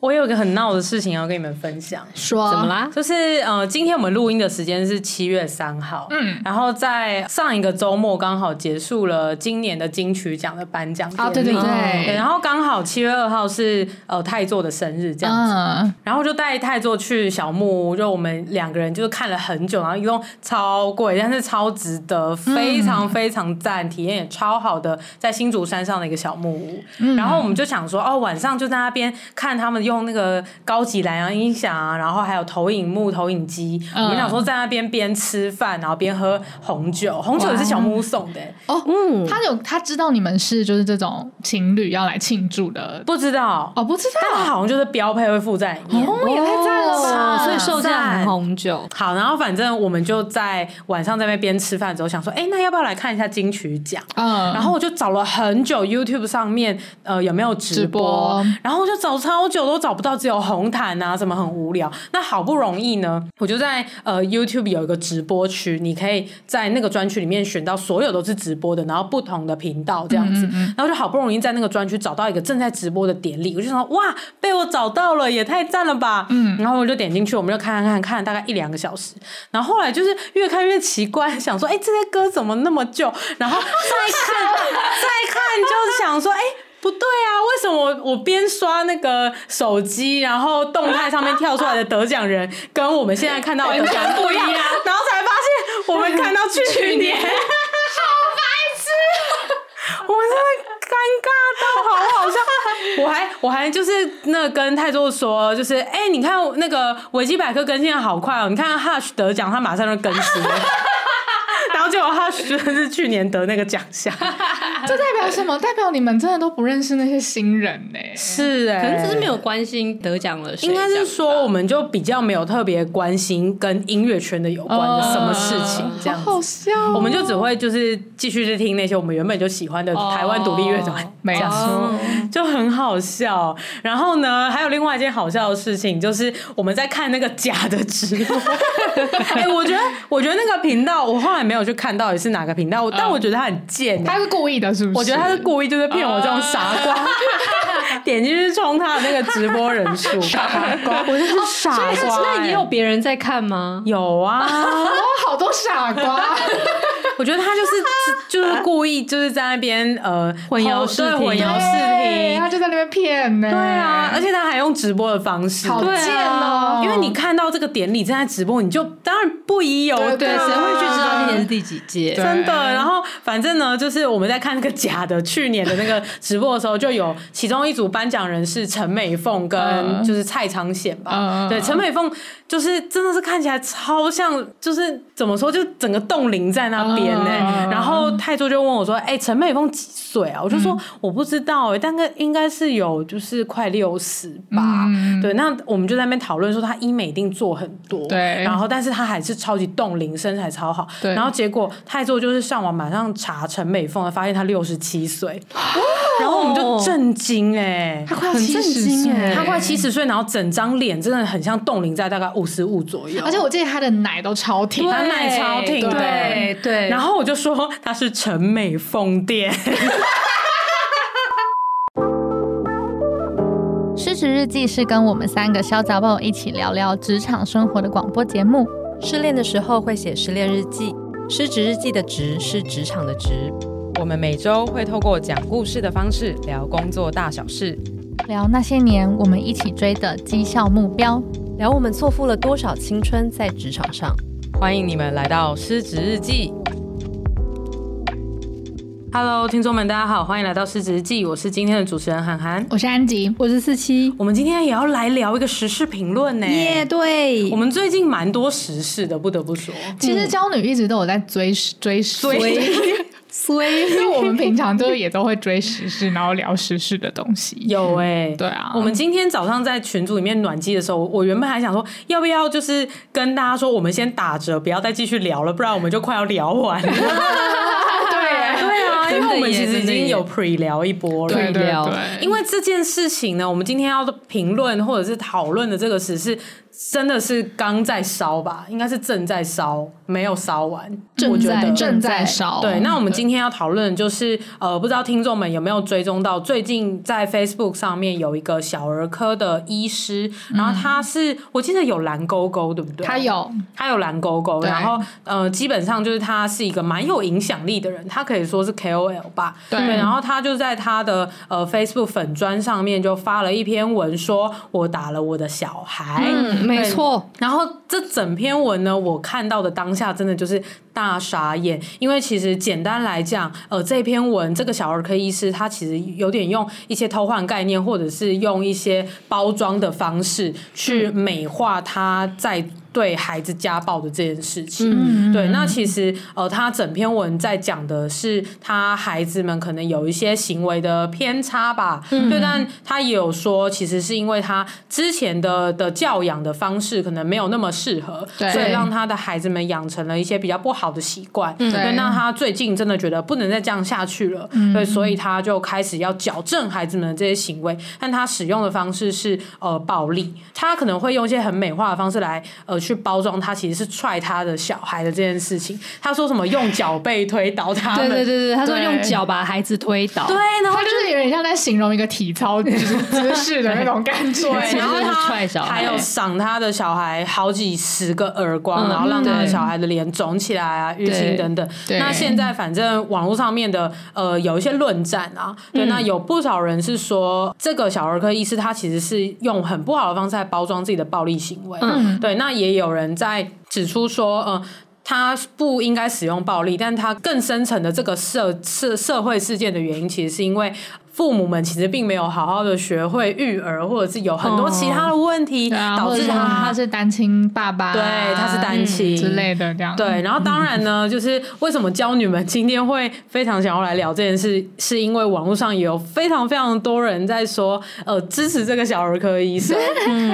我有一個很鬧的事情要跟你們分享，說怎麼啦？就是呃，今天我們錄音的時間是七月三號，嗯，然後在上一個周末剛好結束了今年的金曲獎的頒獎典禮啊，對對對，對然後剛好七月二號是呃太座的生日，這樣子，嗯、然後就帶太座去小木屋，就我們兩個人就是看了很久，然後一共超貴，但是超值得，非常非常讚，體驗也超好的，在新竹山上的一個小木屋、嗯，然後我們就想說，哦，晚上就在那邊看他們。用那個高級藍牙音響啊，然後還有投影幕、投影機。嗯、我們想說在那邊邊吃飯，然後邊喝紅酒。紅酒也是小木屋送的、欸、哦。嗯，他有他知道你們是就是這種情侶要來慶祝的，不知道哦，不知道。但他好像就是標配會附在，哦也太贊了吧、哦，所以售價很紅酒。好，然後反正我們就在晚上在那邊邊吃飯之後，想說，哎，那要不要來看一下金曲獎？嗯，然後我就找了很久，YouTube 上面呃有沒有直播？直播，然後我就找超久都。我找不到，只有紅毯啊，什麼很無聊。那好不容易呢，我就在呃 YouTube 有一個直播區，你可以在那個專區裡面選到所有都是直播的，然後不同的頻道這樣子。然後就好不容易在那個專區找到一個正在直播的典禮，我就想說哇，被我找到了，也太讚了吧！嗯，然後我就點進去，我們就看看看，看了大概一兩個小時。然後後來就是越看越奇怪，想說哎、欸，這些歌怎麼那麼舊？然後再看 再看，再看就是想說哎。欸不對啊，為什麼我我邊刷那個手機，然後動態上面跳出來的得獎人 跟我們現在看到完全不一樣， 然後才發現我們看到去年， 好白痴癡， 我真的尷尬到好我好笑。我還我還就是那跟太多說，就是哎，欸、你看那個維基百科更新的好快哦，你看 Hush 得獎，他馬上就更新。 就他真的是去年得那個獎項， 這代表什麼？代表你們真的都不認識那些新人呢、欸？是哎、欸，可能只是沒有關心得獎的事情。應該是說，我們就比較沒有特別關心跟音樂圈的有關的什麼事情，這樣子，oh, 好，好笑，哦！我們就只會就是繼續去聽那些我們原本就喜歡的台灣獨立樂團，oh，沒有，oh. 就很好笑。然後呢，還有另外一件好笑的事情，就是我們在看那個假的直播。哎、 欸，我覺得，我覺得那個頻道，我後來沒有去。看到底是哪個頻道？Um, 但我覺得他很賤、啊，他是故意的，是不是？我覺得他是故意，就是騙我這種傻瓜，uh... 點進去衝他的那個直播人數。 傻瓜，我就是傻瓜、欸哦。那也有別人在看嗎？有啊， 哦、好多傻瓜。 我覺得他就是、啊、就是故意就是在那邊、啊、呃混淆視聽，對，他就在那邊騙呢，對啊，而且他還用直播的方式，啊、好賤哦！因為你看到這個典禮正在直播，你就當然不疑有詐，對，對，對，誰、啊、會去知道今年是第幾屆？真的。然後反正呢，就是我們在看那個假的 去年的那個直播的時候，就有其中一組頒獎人是陳美鳳跟就是蔡昌憲吧、嗯，對，陳、嗯、美鳳就是真的是看起來超像，就是怎麼說，就整個凍齡在那邊。嗯嗯嗯、然後太座就問我說：“哎、欸，陳美鳳幾歲啊？”我就說：“嗯、我不知道哎、欸，但是應該是有就是快六十吧。嗯”對，那我們就在那邊討論說她醫美一定做很多，對。然後，但是她還是超級凍齡，身材超好。然後結果太座就是上網馬上查陳美鳳，發現她六十七歲，然後我們就震驚哎、欸，他快七十歲，他快七十歲，然後整張臉真的很像凍齡在大概五十五左右，而且我記得他的奶都超挺，他奶超挺的對對，對，然後我就說他是陳美鳳店。 失職日記是跟我們三個小雜寶一起聊聊職場生活的廣播節目。失戀的時候會寫失戀日記，失職日記的職是職場的職。我們每周會透過講故事的方式聊工作大小事，聊那些年我們一起追的績效目標，聊我們錯付了多少青春在職場上。歡迎你們來到《失職日記》。Hello，聽眾們，大家好，歡迎來到《失職日記》，我是今天的主持人涵涵，我是安吉，我是四七，我們今天也要來聊一個時事評論呢。也、yeah, 對，我們最近蠻多時事的，不得不說，其實驕女一直都有在追追追。追追追因為 我們平常都也都會追時事， 然後聊時事的東西。有哎、欸，對啊。我們今天早上在群組裡面暖機的時候，我原本還想說，要不要就是跟大家說，我們先打折，不要再繼續聊了，不然我們就快要聊完了。 對， 對啊，因為我們其實已經有 pre 聊一波了。 對對對。因為這件事情呢，我們今天要評論或者是討論的這個時事。真的是剛在燒吧，應該是正在燒，沒有燒完。正在我覺得正在燒、嗯。對，那我們今天要討論的就是呃，不知道聽眾們有沒有追蹤到，最近在 Facebook 上面有一個小兒科的醫師，嗯、然後他是我記得有藍勾勾，對不對？他有，他有藍勾勾。然後呃，基本上就是他是一個蠻有影響力的人，他可以說是 KOL 吧。對，對，然後他就在他的呃 Facebook 粉專上面就發了一篇文說，說我打了我的小孩。嗯沒錯，然後這整篇文呢，我看到的當下真的就是大傻眼，因為其實簡單來講，呃，這篇文這個小兒科醫師他其實有點用一些偷換概念，或者是用一些包裝的方式去美化他在、嗯。在對孩子家暴的這件事情，嗯、對，那其實呃，他整篇文在講的是他孩子們可能有一些行為的偏差吧，嗯、對，但他也有說，其實是因為他之前的的教養的方式可能沒有那麼適合，對，所以讓他的孩子們養成了一些比較不好的習慣，對，那他最近真的覺得不能再這樣下去了，嗯、對，所以他就開始要矯正孩子們的這些行為，但他使用的方式是呃暴力，他可能會用一些很美化的方式來呃。去包裝他其實是踹他的小孩的這件事情，他說什麼用腳背推倒他們，對 對對對，他說用腳把孩子推倒，對，然後就是有點像在形容一個體操姿勢的那種感覺。 對，然後他還有賞他的小孩好幾十個耳光，嗯、然後讓他的小孩的臉腫起來啊、淤青等等對。那現在反正網絡上面的呃有一些論戰啊對、嗯，對，那有不少人是說這個小兒科醫師他其實是用很不好的方式來包裝自己的暴力行為，嗯，對，那也有。有人在指出說，呃、嗯，他不應該使用暴力，但他更深層的這個社社社會事件的原因，其實是因為。父母們其實並沒有好好的學會育兒，或者是有很多其他的問題，導致他他是單親爸爸，對，他是單親之類的這樣。對，然後當然呢，就是為什麼驕女們今天會非常想要來聊這件事，是因為網絡上也有非常非常多人在說，呃，支持這個小兒科醫生，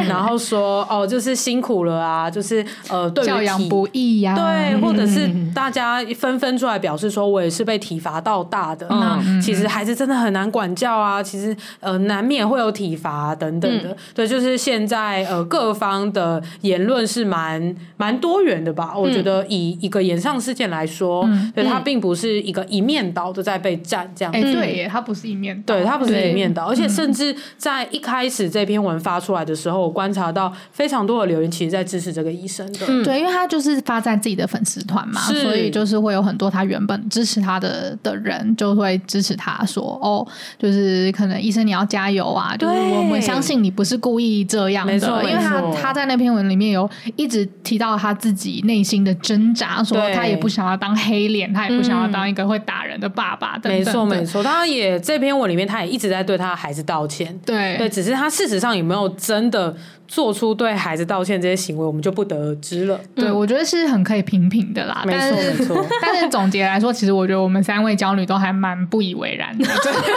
然後說哦，就是辛苦了啊，就是呃，教養不易呀，對，或者是大家紛紛出來表示說我也是被體罰到大的，那其實孩子真的很難管。教啊，其實呃，難免會有體罰、啊、等等的、嗯。對，就是現在呃，各方的言論是蠻蠻多元的吧？嗯、我覺得以一個映莊事件來說，嗯、對他並不是一個一面倒都在被戰這樣子。子、欸、對，他不是一面倒。對，他不是一面倒。而且甚至在一開始這篇文發出來的時候，嗯、我觀察到非常多的留言，其實在支持這個醫生的、嗯。對，因為他就是發在自己的粉絲團嘛，所以就是會有很多他原本支持他的的人就會支持他說哦。就是可能醫生你要加油啊！對，就是，我們相信你不是故意這樣的，沒錯，因為他、沒錯、他在那篇文裡面有一直提到他自己內心的掙扎，說他也不想要當黑臉、嗯，他也不想要當一個會打人的爸爸、嗯、等等。沒錯沒錯，他也這篇文裡面他也一直在對他孩子道歉，對對，只是他事實上有沒有真的，做出對孩子道歉這些行為，我們就不得而知了。對，嗯、我覺得是很可以平平的啦。沒錯，沒錯。但是總結來說， 其實我覺得我們三位驕女都還蠻不以為然的，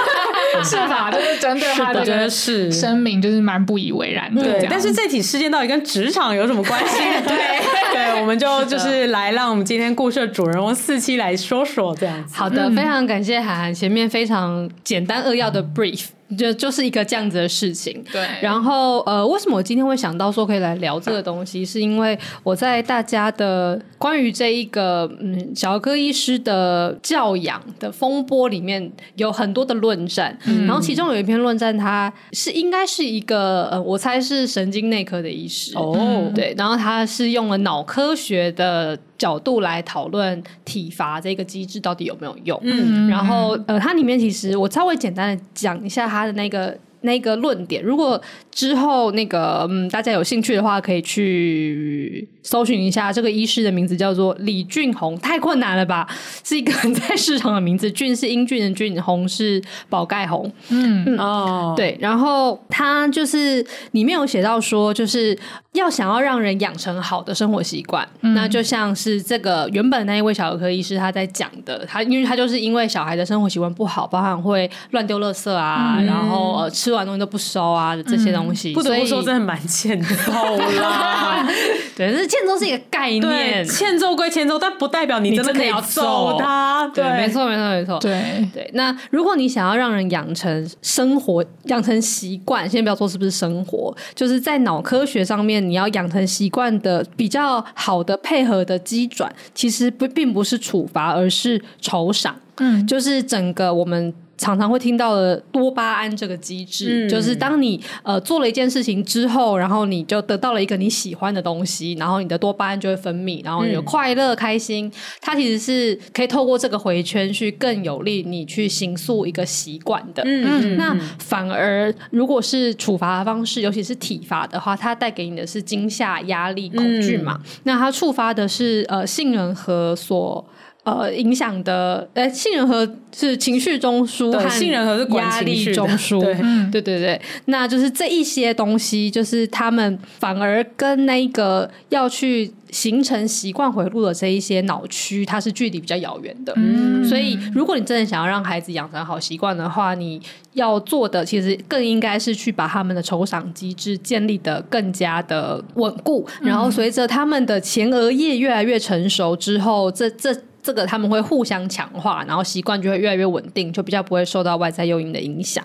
是吧、啊？就是針對他的，我覺得是聲明就是蠻不以為然的。對，但是這起事件到底跟職場有什麼關係？對，對，我們就就是來讓我們今天故事的主人翁四七來說說這樣子。好對的，非常感謝涵涵前面非常簡單扼要的 brief。就就是一個這樣子的事情，對。然後，呃，為什麼我今天會想到說可以來聊這個東西？是因為我在大家的關於這一個嗯小兒科醫師的教養的風波裡面有很多的論戰，嗯。然後其中有一篇論戰它，他是應該是一個呃，我猜是神經內科的醫師哦，對，然後他是用了腦科學的。角度來討論體罰這個機制到底有沒有用？嗯，然後、嗯、呃，它裡面其實我稍微簡單的講一下它的那個那個論點，如果之後那個嗯大家有興趣的話，可以去。搜尋一下這個醫師的名字叫做李俊宏，太困難了吧？是一個很在市場的名字，俊是英俊的俊，宏是寶蓋宏嗯，嗯哦，對。然後他就是裡面有寫到說，就是要想要讓人養成好的生活習慣、嗯，那就像是這個原本那一位小兒科醫師他在講的，他因為他就是因為小孩的生活習慣不好，包含會亂丟垃圾啊、嗯，然後吃完東西都不收啊，這些東西，嗯、不得不說真的蠻欠揍了。 對，是。欠揍是一個概念，欠揍歸欠揍，奏奏 但不代表你真的可以揍他，你可以揍他，對。對，沒錯，沒錯，沒錯。對對，那如果你想要讓人養成生活，養成習慣，先不要說是不是生活，就是在腦科學上面，你要養成習慣的比較好的配合的基準，其實不並不是處罰，而是酬賞。嗯，就是整個我們，常常會聽到的多巴胺這個機制，嗯、就是當你呃做了一件事情之後，然後你就得到了一個你喜歡的東西，然後你的多巴胺就會分泌，然後你就快樂、嗯、開心。它其實是可以透過這個回圈去更有利你去形塑一個習慣的，嗯嗯。那反而如果是處罰的方式，尤其是體罰的話，它帶給你的是驚嚇、壓力、恐懼嘛？嗯、那它觸發的是呃杏仁核所。呃，影響的誒，杏仁核是情緒中樞，對，杏仁核是壓力中樞。對，嗯、對，對，對。那就是這一些東西，就是他們反而跟那個要去形成習慣回路的這一些腦區，它是距離比較遙遠的。嗯、所以如果你真的想要讓孩子養成好習慣的話，你要做的其實更應該是去把他們的酬賞機制建立得更加的穩固，然後隨着他們的前額葉越來越成熟之後，這這。這個他們會互相強化，然後習慣就會越來越穩定，就比較不會受到外在誘因的影響。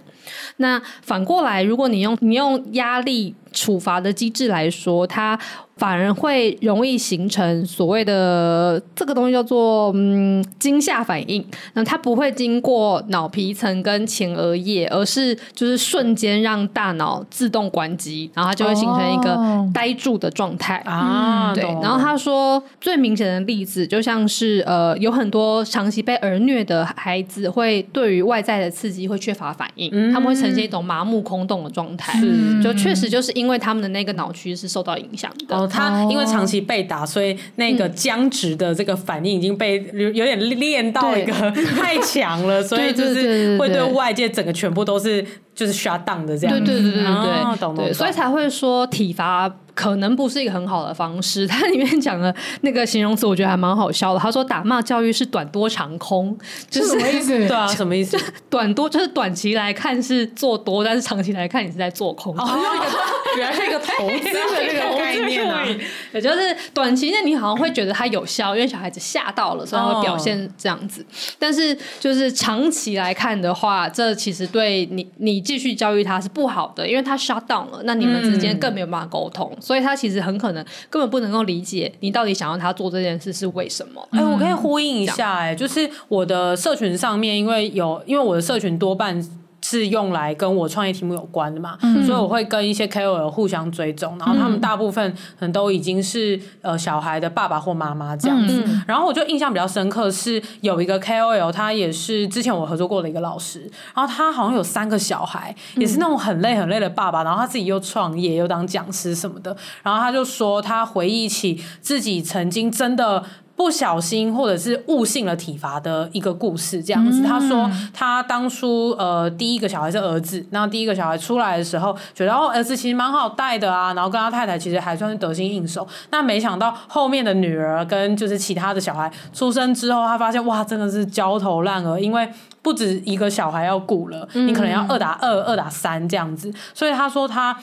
那反過來，如果你用你用壓力。處罰的機制，來說，它反而會容易形成所謂的這個東西叫做嗯，“驚嚇反應”。那它不會經過腦皮層跟前額葉，而是就是瞬間讓大腦自動關機，然後它就會形成一個呆住的狀態啊。對。然後他說，最明顯的例子就像是呃，有很多長期被兒虐的孩子會對於外在的刺激會缺乏反應、嗯，他們會呈現一種麻木空洞的狀態。是，嗯、就確實就是。因為他們的那個腦區是受到影響的，他因為長期被打，所以那個僵直的這個反應已經被有有點練到一個太強了，所以就是會對外界整個全部都是。就是 shut down 的這樣子，對對對對對，哦、對對對，所以才會說體罰可能不是一個很好的方式。它裡面講的那個形容詞，我覺得還蠻好笑的。他說打罵教育是短多長空，就是、是什麼意思？ 對啊，什麼意思？短多就是短期來看是做多，但是長期來看你是在做空，哦、 原來是一個投資的投資 那個概念啊。也就是短期內你好像會覺得它有效，因為小孩子嚇到了，所以他會表現這樣子、哦。但是就是長期來看的話，這其實對你你。繼續教育他是不好的，因為他 shut down 了，那你們之間更沒有辦法溝通，嗯，所以他其實很可能根本不能夠理解你到底想要他做這件事是為什麼？哎、嗯欸，我可以呼應一下，欸，哎，就是我的社群上面，因為有，因為我的社群多半。是用來跟我創業題目有關的嘛，嗯、所以我會跟一些 KOL 互相追蹤，嗯、然後他們大部分可能都已經是呃小孩的爸爸或媽媽這樣子、嗯。然後我就印象比較深刻是有一個 KOL，他也是之前我合作過的一個老師，然後他好像有三個小孩，也是那種很累很累的爸爸，然後他自己又創業又當講師什麼的，然後他就說他回憶起自己曾經真的。不小心或者是誤信了體罰的一個故事，這樣子。他說他當初呃第一個小孩是兒子，那第一個小孩出來的時候覺得哦兒子其實蠻好帶的啊，然後跟他太太其實還算是得心應手。那沒想到後面的女兒跟就是其他的小孩出生之後，他發現哇真的是焦頭爛額，因為不止一個小孩要顧了，你可能要二打二、嗯、二打三這樣子。所以他說他。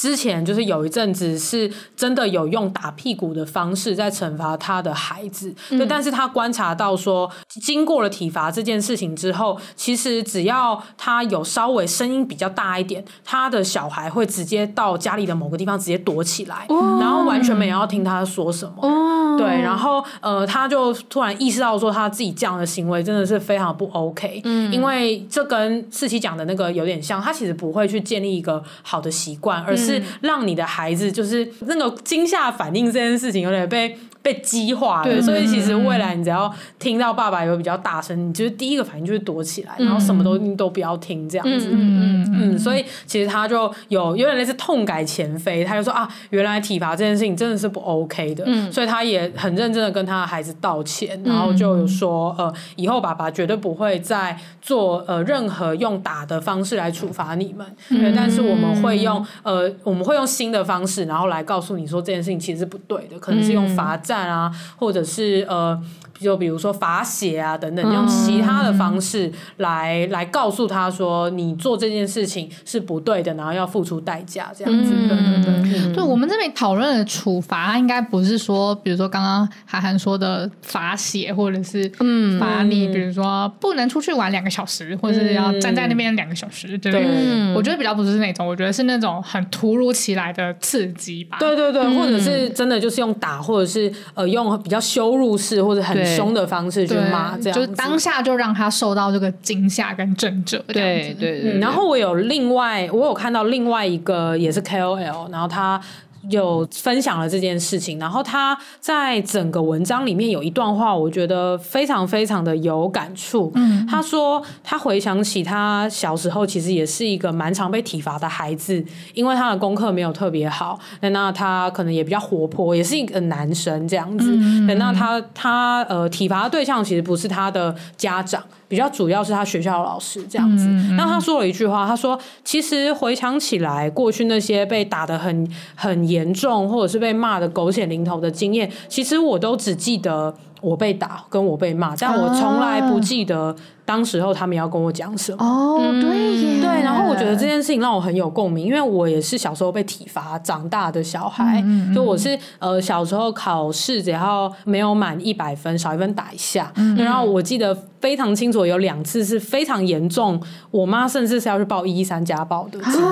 之前就是有一陣子是真的有用打屁股的方式在懲罰他的孩子，嗯，對。但是他觀察到說，經過了體罰這件事情之後，其實只要他有稍微聲音比較大一點，他的小孩會直接到家裡的某個地方直接躲起來，哦、然後完全沒有要聽他說什麼、哦。對。然後呃，他就突然意識到說，他自己這樣的行為真的是非常不 OK，嗯。因為這跟四期講的那個有點像，他其實不會去建立一個好的習慣，而是，嗯。是、嗯、讓你的孩子，就是那個驚嚇反應這件事情，有點被被激化了對，所以其實未來，你只要聽到爸爸有比較大聲，嗯、你就是第一個反應就會躲起來、嗯，然後什麼都你都不要聽這樣子。嗯嗯嗯，所以其實他就有有點類似痛改前非，他就說啊，原來體罰這件事情真的是不 OK 的、嗯，所以他也很認真的跟他的孩子道歉，然後就有說呃，以後爸爸絕對不會再做呃任何用打的方式來處罰你們，嗯、對但是我們會用、嗯、呃我們會用新的方式，然後來告訴你說這件事情其實是不對的，可能是用罰站。嗯嗯站啊，或者是呃、就比如說罰寫啊等等，用其他的方式來、嗯、來告訴他說你做這件事情是不對的，然後要付出代價，這樣子對對對。對，我們這邊討論的處罰，應該不是說，比如說剛剛涵涵說的罰寫，或者是罰你、嗯，比如說不能出去玩兩個小時，或者是要站在那邊兩個小時。嗯、對，對，對，對，對，對，我覺得比較不是那種，我覺得是那種很突如其來的刺激吧。對對對，嗯、或者是真的就是用打，或者是呃用比較羞辱式或者很。兇的方式去罵，這樣子就當下就讓他受到這個驚嚇跟震懾。對，對，對、嗯。然後我有另外，我有看到另外一個也是 KOL，然後他。有分享了這件事情，然後他在整個文章裡面有一段話，我覺得非常非常的有感觸。嗯，嗯，他說他回想起他小時候，其實也是一個蠻常被體罰的孩子，因為他的功課沒有特別好。那他可能也比較活潑，也是一個男生這樣子。那、嗯嗯、他他、他呃，體罰的對象其實不是他的家長。比較主要是他學校老師這樣子，嗯，嗯嗯，那他說了一句話，他說：“其實回想起來，過去那些被打的很很嚴重，或者是被罵的狗血淋頭的經驗，其實我都只記得。”我被打，跟我被罵，但我從來不記得當時候他們要跟我講什麼。哦，對，對。然後我覺得這件事情讓我很有共鳴，因為我也是小時候被體罰長大的小孩。嗯嗯嗯，就我是呃小時候考試只要沒有滿一百分，少一分打一下嗯嗯。然後我記得非常清楚，有兩次是非常嚴重，我媽甚至是要去報一一三家暴的經驗、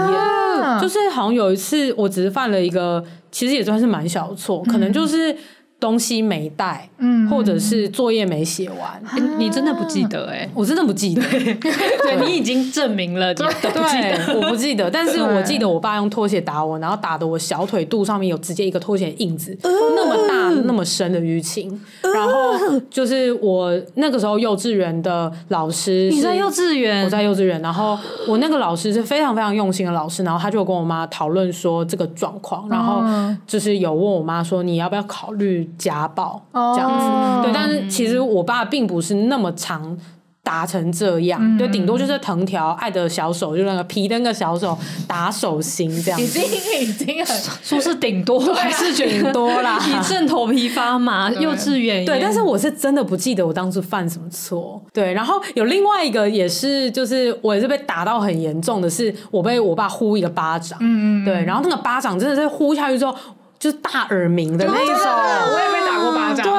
啊。就是好像有一次，我只是犯了一個，其實也算是蠻小的錯，可能就是。嗯東西沒帶，嗯，或者是作業沒寫完、嗯欸，你真的不記得哎、欸啊？我真的不記得，對,對,對你已經證明了你都不記得，我不記得，但是我記得我爸用拖鞋打我，然後打的我小腿肚上面有直接一個拖鞋印子、嗯，那麼大，那麼深的淤青、嗯。然後就是我那個時候幼稚園的老師，你在幼稚園，我在幼稚園，然後我那個老師是非常非常用心的老師，然後他就跟我媽討論說這個狀況、嗯，然後就是有問我媽說你要不要考慮。家暴這樣子，oh, 對、嗯，但是其實我爸並不是那麼常打成這樣，就、嗯、頂多就是藤條，愛的小手就是、那個皮的那個小手打手心這樣子，已經已經很說是頂多、啊、還是頂多啦，皮 陣頭皮發麻，幼稚園。對，但是我是真的不記得我當初犯什麼錯。對，然後有另外一個也是，就是我也是被打到很嚴重的是，我被我爸呼一個巴掌，嗯，嗯，對，然後那個巴掌真的是呼下去之後。就是大耳鳴的那一首，啊、我也被打過巴掌，對會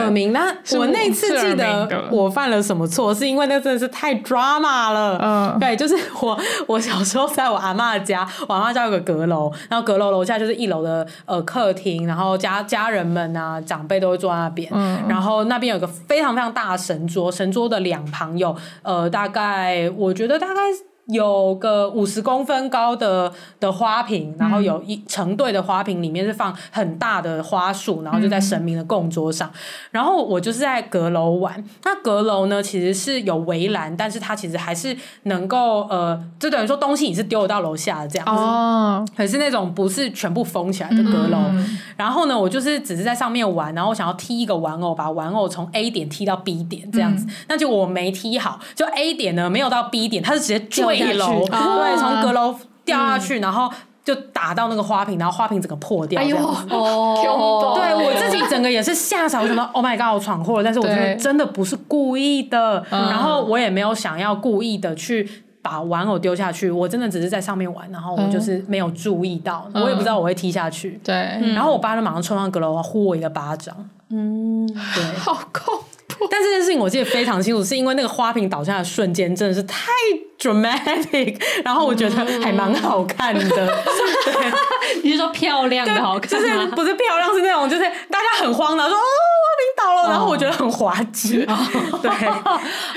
耳鳴。那我那次記得我犯了什麼錯，是因為那真的是太抓馬了。嗯，對，就是我我小時候在我阿嬤家，我阿嬤家有個閣樓，然後閣樓樓下就是一樓的呃客廳，然後家家人們啊長輩都會坐在那邊、嗯，然後那邊有一個非常非常大的神桌，神桌的兩旁有呃大概我覺得大概是。有個五十公分高的的花瓶，嗯，然後有一成對的花瓶，裡面是放很大的花束，然後就在神明的供桌上，嗯。然後我就是在閣樓玩，那閣樓呢其實是有圍欄，但是它其實還是能夠呃，就等於說東西你是丟得到樓下的這樣子。哦，可是那種不是全部封起來的閣樓，嗯嗯。然後呢，我就是只是在上面玩，然後我想要踢一個玩偶，把玩偶從 A 點踢到 B 點這樣子，嗯，那就我沒踢好，就 A 點呢沒有到 B 點，它是直接墜。一樓對，從閣樓掉下去、啊掉下去啊，然後就打到那個花瓶，然後花瓶整個破掉。哎呦，哦、喔，對、對、對我自己整個也是嚇傻，我想到 Oh my God，我闖禍了。但是我覺得真的不是故意的，然後我也沒有想要故意的去把玩偶丟下去、嗯，我真的只是在上面玩，然後我就是沒有注意到，嗯、我也不知道我會踢下去。對、嗯，然後我爸就馬上衝上閣樓，呼我一個巴掌。嗯，對，好恐怖。但是這件事情我記得非常清楚，是因為那個花瓶倒下的瞬間真的是太。Dramatic，然後我覺得還蠻好看的。嗯、對 你是說漂亮的好看？啊？就是不是漂亮，是那種就是大家很慌的說，哦，我淋倒了、哦，然後我覺得很滑稽、哦。對，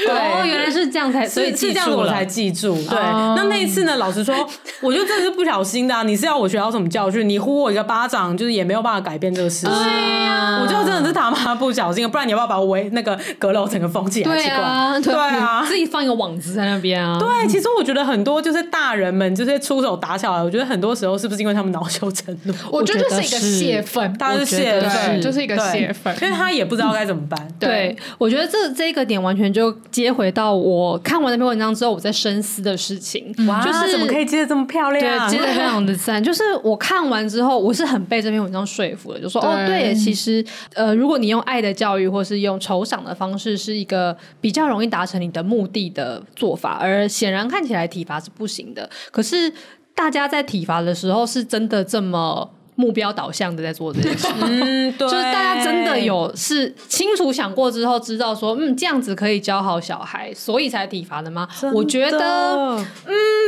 對、哦，原來是這樣才所以這次我才記住。對、哦，那那一次呢？老實說，我就真的是不小心的、啊。你是要我學到什麼教訓？你呼我一個巴掌，就是也沒有辦法改變這個事情。對呀、啊，我就真的是他媽不小心，不然你要不要把我圍那個閣樓整個封起來？對啊，對啊，自己放一個網子在那邊啊。對，其實我覺得很多就是大人們就是出手打小孩，我覺得很多時候是不是因為他們惱羞成怒？我覺得是一個洩憤，他是洩憤，就是一個洩憤，所以他也不知道該怎麼辦。嗯、對，我覺得這這一個點完全就接回到我看完那篇文章之後我在深思的事情。哇、嗯，就是怎麼可以接的這麼漂亮？接的非常的讚。就是我看完之後，我是很被這篇文章說服了，就是、說哦，對，其實呃，如果你用愛的教育或是用酬賞的方式，是一個比較容易達成你的目的的做法，而。顯然看起來體罰是不行的，可是大家在體罰的時候，是真的這麼目標導向的在做這件事？ 就是大家真的有是清楚想過之後，知道說，嗯，這樣子可以教好小孩，所以才體罰的嗎？我覺得，嗯，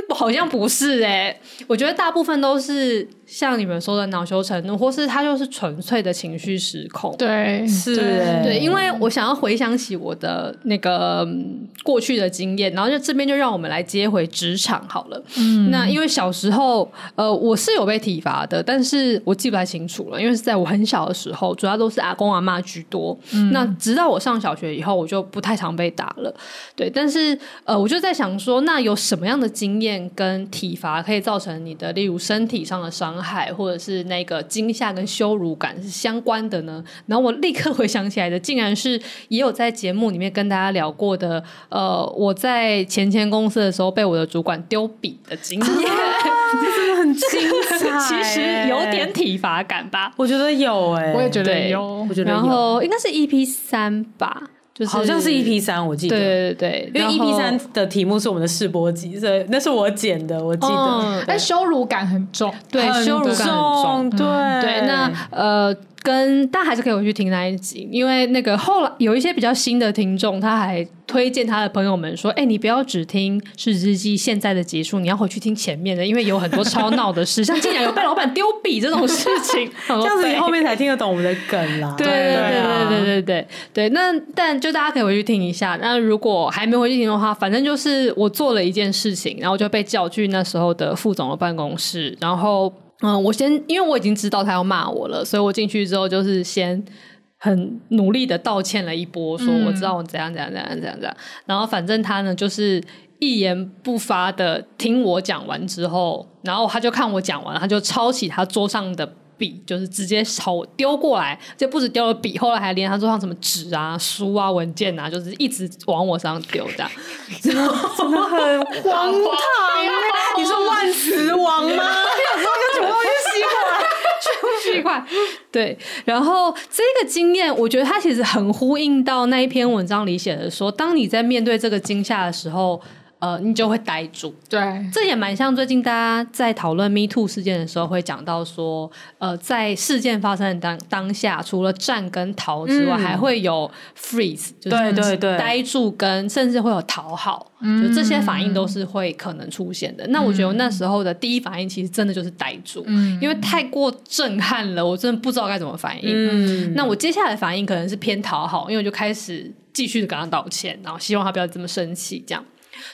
好像不是哎，我覺得大部分都是。像你們說的惱羞成怒，或是他就是純粹的情緒失控。對，是，對，對，因為我想要回想起我的那個過去的經驗，然後就這邊就讓我們來接回職場好了。嗯，那因為小時候，呃，我是有被體罰的，但是我記不太清楚了，因為是在我很小的時候，主要都是阿公阿嬤居多。嗯，那直到我上小學以後，我就不太常被打了。對，但是，呃，我就在想說，那有什麼樣的經驗跟體罰可以造成你的，例如身體上的傷害？海，或者是那個驚嚇跟羞辱感是相關的呢。然後我立刻回想起來的，竟然是也有在節目裡面跟大家聊過的，呃，我在前前公司的時候被我的主管丟筆的經驗，啊、 是很精彩， 其實有點體罰感吧？我覺得有、欸，哎，我也覺得有，我覺得然後應該是 EP 三吧。就是、好像是 EP3，我記得，對對對，因為 EP3 的題目是我們的試播集，所以那是我剪的，我記得，哎、哦，但羞辱感很重，對，羞辱感很重,對很重、嗯，對，對，那呃。跟但還是可以回去聽那一集，因為那個後來有一些比較新的聽眾，他還推薦他的朋友們說：“哎、欸，你不要只聽《是日記》現在的結束，你要回去聽前面的，因為有很多超鬧的事， 像竟然有被老闆丟筆這種事情， 這樣子你後面才聽得懂我們的梗啦。”對對對對對對對對。對啊、對，那但就大家可以回去聽一下。那如果還沒回去聽的話，反正就是我做了一件事情，然後就被叫去那時候的副總的辦公室，然後。嗯，我先，因為我已經知道他要罵我了，所以我進去之後就是先很努力的道歉了一波，說我知道我怎樣怎樣怎樣怎樣、怎樣、怎樣。然後反正他呢，就是一言不發的聽我講完之後，然後他就看我講完了，他就抄起他桌上的筆，就是直接朝我丟過來，就不止丟了筆，後來還連他桌上什麼紙啊、書啊、文件啊，就是一直往我身上丟 的，很荒唐。 你是萬磁王嗎？ 奇怪，對。然後這個經驗，我覺得他其實很呼應到那一篇文章裡寫的說，當你在面對這個驚嚇的時候。呃，你就會呆住。對，這也蠻像最近大家在討論 Me Too 事件的時候，會講到說，呃，在事件發生的當當下，除了戰跟逃之外，嗯，還會有 freeze，就是呆住，跟甚至會有討好對對對，就這些反應都是會可能出現的，嗯。那我覺得那時候的第一反應其實真的就是呆住，嗯，因為太過震撼了，我真的不知道該怎麼反應。嗯，那我接下來的反應可能是偏討好，因為我就開始繼續的跟他道歉，然後希望他不要這麼生氣，這樣。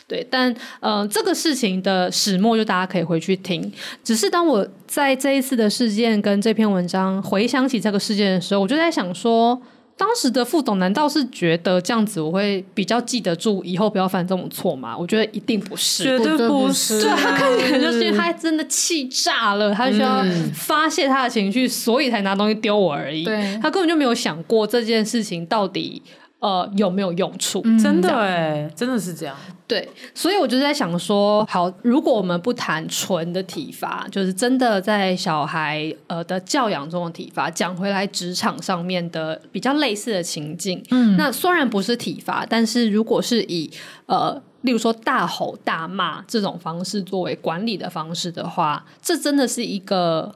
對，但呃，這個事情的始末就大家可以回去聽。只是當我在這一次的事件跟這篇文章回想起這個事件的時候，我就在想說，當時的副總難道是覺得這樣子我會比較記得住，以後不要犯這種錯嗎？我覺得一定不是，絕對不是啊。對，他看起來就是他還真的氣炸了，他需要發洩他的情緒，所以才拿東西丟我而已。嗯，他根本就沒有想過這件事情到底。呃，有沒有用處？嗯、真的，真的是這樣。對，所以我就在想說，好，如果我們不談純的體罰，就是真的在小孩呃的教養中的體罰，講回來職場上面的比較類似的情境，嗯，那雖然不是體罰，但是如果是以呃，例如說大吼大罵這種方式作為管理的方式的話，這真的是一個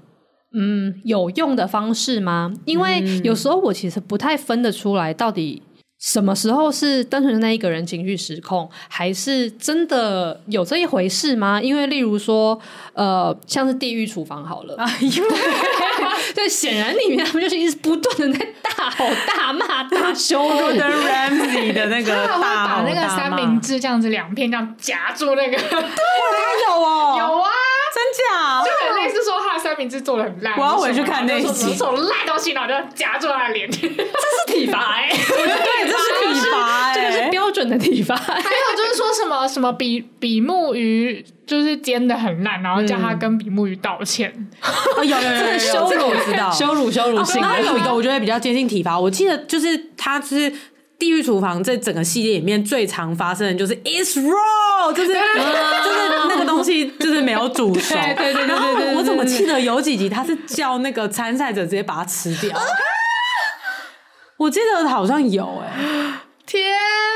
嗯有用的方式嗎？因為有時候我其實不太分得出來到底，什麼時候是單純的那一個人情緒失控，還是真的有這一回事嗎？因為例如說，呃，像是地獄廚房好了， 對，顯然裡面他們就是一直不斷的在大吼大罵大凶 Gordon Ramsay 的那個， 他還會把那個三明治這樣子兩片這樣夾住那個， 對，有 哦對， 有啊，真假， 就很類似說。名字做的很爛，我要回去看那集。那種爛東西，然後就夾住他的臉， 這，是欸、這是體罰，我覺得對，這是體罰、欸，這個是標準的體罰。還有就是說什麼什麼比比目魚，就是煎的很爛、嗯，然後叫他跟比目魚道歉，哦、有，這個、羞辱，我知，道、哦這個、羞辱我知道，羞辱羞辱、哦、性的。然後我覺得比較接近體罰，我記得就是他、就是。地獄廚房在整個系列裡面最常發生的就是 It's raw，就是 就是那個東西就是沒有煮熟。 對對對對、對、對、對、對、對、對、啊，我怎麼記得有幾集他是叫那個參賽者直接把它吃掉？ 我記得好像有哎，欸，天，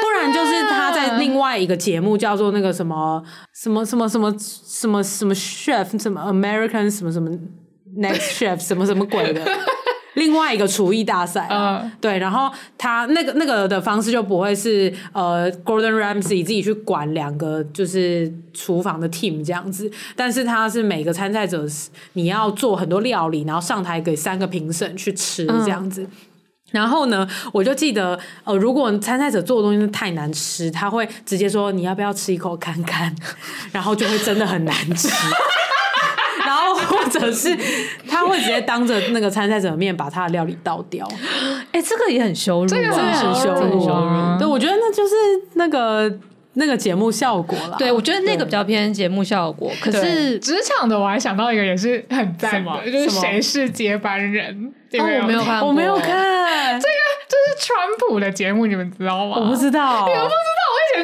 不然就是他在另外一個節目叫做那個什麼什麼什麼什麼什麼什麼 Chef 什麼 American 什麼什麼，什麼 Next Chef 什麼什麼，什麼鬼的。另外一個廚藝大賽啊，uh, 對，然後他那個那個的方式就不會是呃 Gordon Ramsay 自己去管兩個就是廚房的 team 這樣子，但是他是每個參賽者你要做很多料理，然後上台給三個評審去吃這樣子。Uh, 然後呢，我就記得呃，如果參賽者做的東西太難吃，他會直接說你要不要吃一口看看？然後就會真的很難吃。 則 是他會直接當着那個參賽者的面把他的料理倒掉，哎、 欸這個啊，這個也很羞辱，啊、是羞辱這個很羞辱。對，我覺得那就是那個那個節目效果了。對，我覺得那個比較偏節目效果。可是職場的我還想到一個也是很讚嘛，就是誰是接班人？個、哦、我，我沒有看，我沒有看這個，這是川普的節目，你們知道嗎？我不知道，我不知道。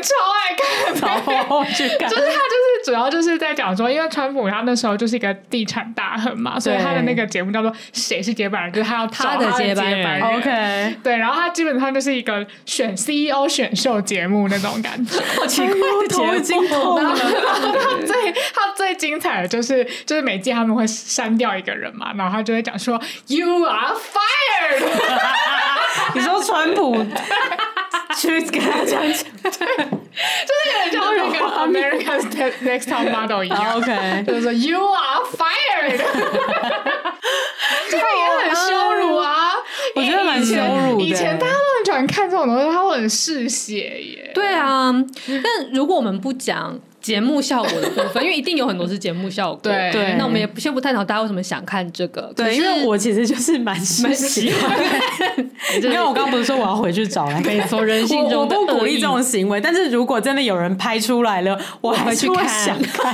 超愛、欸、看，看，就是他，就是主要就是在講說，因為川普他那時候就是一個地產大亨嘛，所以他的那個節目叫做《誰是接班人》，就是、他要他的接班人。班對 OK，對，然後他基本上就是一個選 CEO 選秀節目那種感覺，好奇怪，頭已經痛，然後他最他最精彩的就是，就是每季他們會刪掉一個人嘛，然後他就會講說：“You are fired。 ”你說川普。 去跟他講講，就是有點像那個 America's Next Top Model 一樣， okay. 就是說 You are fired， 這個也很羞辱啊。我覺得蠻羞辱的，以前大家都很喜歡看這種東西，他會很嗜血耶。對啊，但如果我們不講。節目效果的部分，因為一定有很多是節目效果。對 對，那我們也先不探討大家為什麼想看這個。對，因為我其實就是蠻喜蠻喜歡、 就是。因為我剛剛不是說我要回去找來、啊，以從人性中的惡意。我不鼓勵這種行為，但是如果真的有人拍出來了，我還是會想看。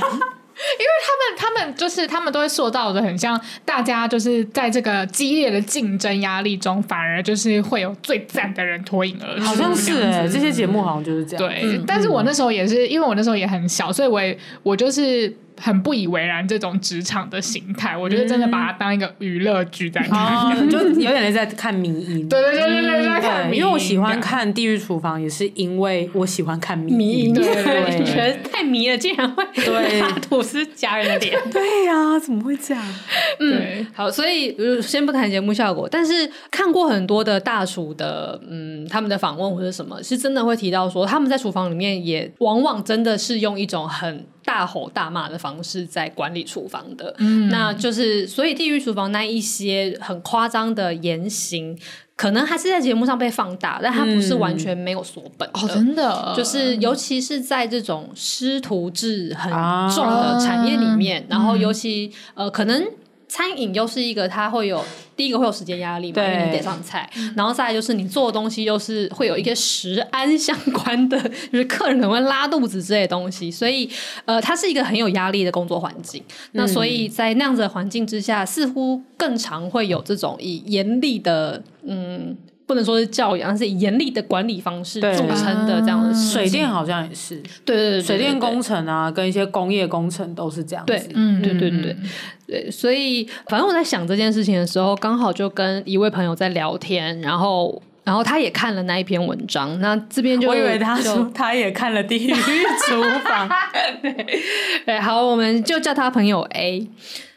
他們，他們就是，他們都會塑造得很像大家就是在這個激烈的競爭壓力中，反而就是會有最讚的人脫穎而出。好像是哎、欸，這些節目好像就是這樣。對、嗯嗯，但是我那時候也是，因為我那時候也很小，所以我也我就是。很不以為然這種職場的形態、嗯，我覺得真的把它當一個娛樂劇在看一、哦，就有點在看迷因，對對對對，對,對，因為我喜歡看《地獄廚房》，也是因為我喜歡看迷因。對，對,對，覺對得對對太迷了，竟然會把吐司家人點對呀、啊，怎麼會這樣對？嗯，好，所以先不談節目效果，但是看過很多的大廚的，嗯，他們的訪問或者什麼，是真的會提到說他們在廚房裡面也往往真的是用一種很。大吼大罵的方式在管理廚房的，嗯、那就是，所以地獄廚房那一些很誇張的言行，可能還是在節目上被放大，但它不是完全沒有所本哦，真、嗯、的，就是尤其是在這種師徒制很重的產業裡面，嗯、然後尤其呃可能。餐飲又是一個它會有第一個會有時間壓力嘛，因為你點上菜，然後再來就是你做的東西又是會有一些食安相關的，就是客人可能會拉肚子之類的東西，所以呃，它是一個很有壓力的工作環境。嗯。那所以在那樣子的環境之下，似乎更常會有這種以嚴厲的嗯。不能說是教養，而是以嚴厲的管理方式組成的這樣的事情。嗯。水電好像也是，對對，對對對，水電工程啊，跟一些工業工程都是這樣子。對，嗯嗯嗯。對對對對，所以反正我在想這件事情的時候，剛好就跟一位朋友在聊天，然後然後他也看了那一篇文章，那這邊就我以為他說他也看了地獄 廚房 對。對，好，我們就叫他朋友 A，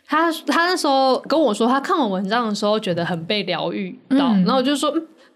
他他那時候跟我說，他看完文章的時候覺得很被療癒到，嗯，然後我就說。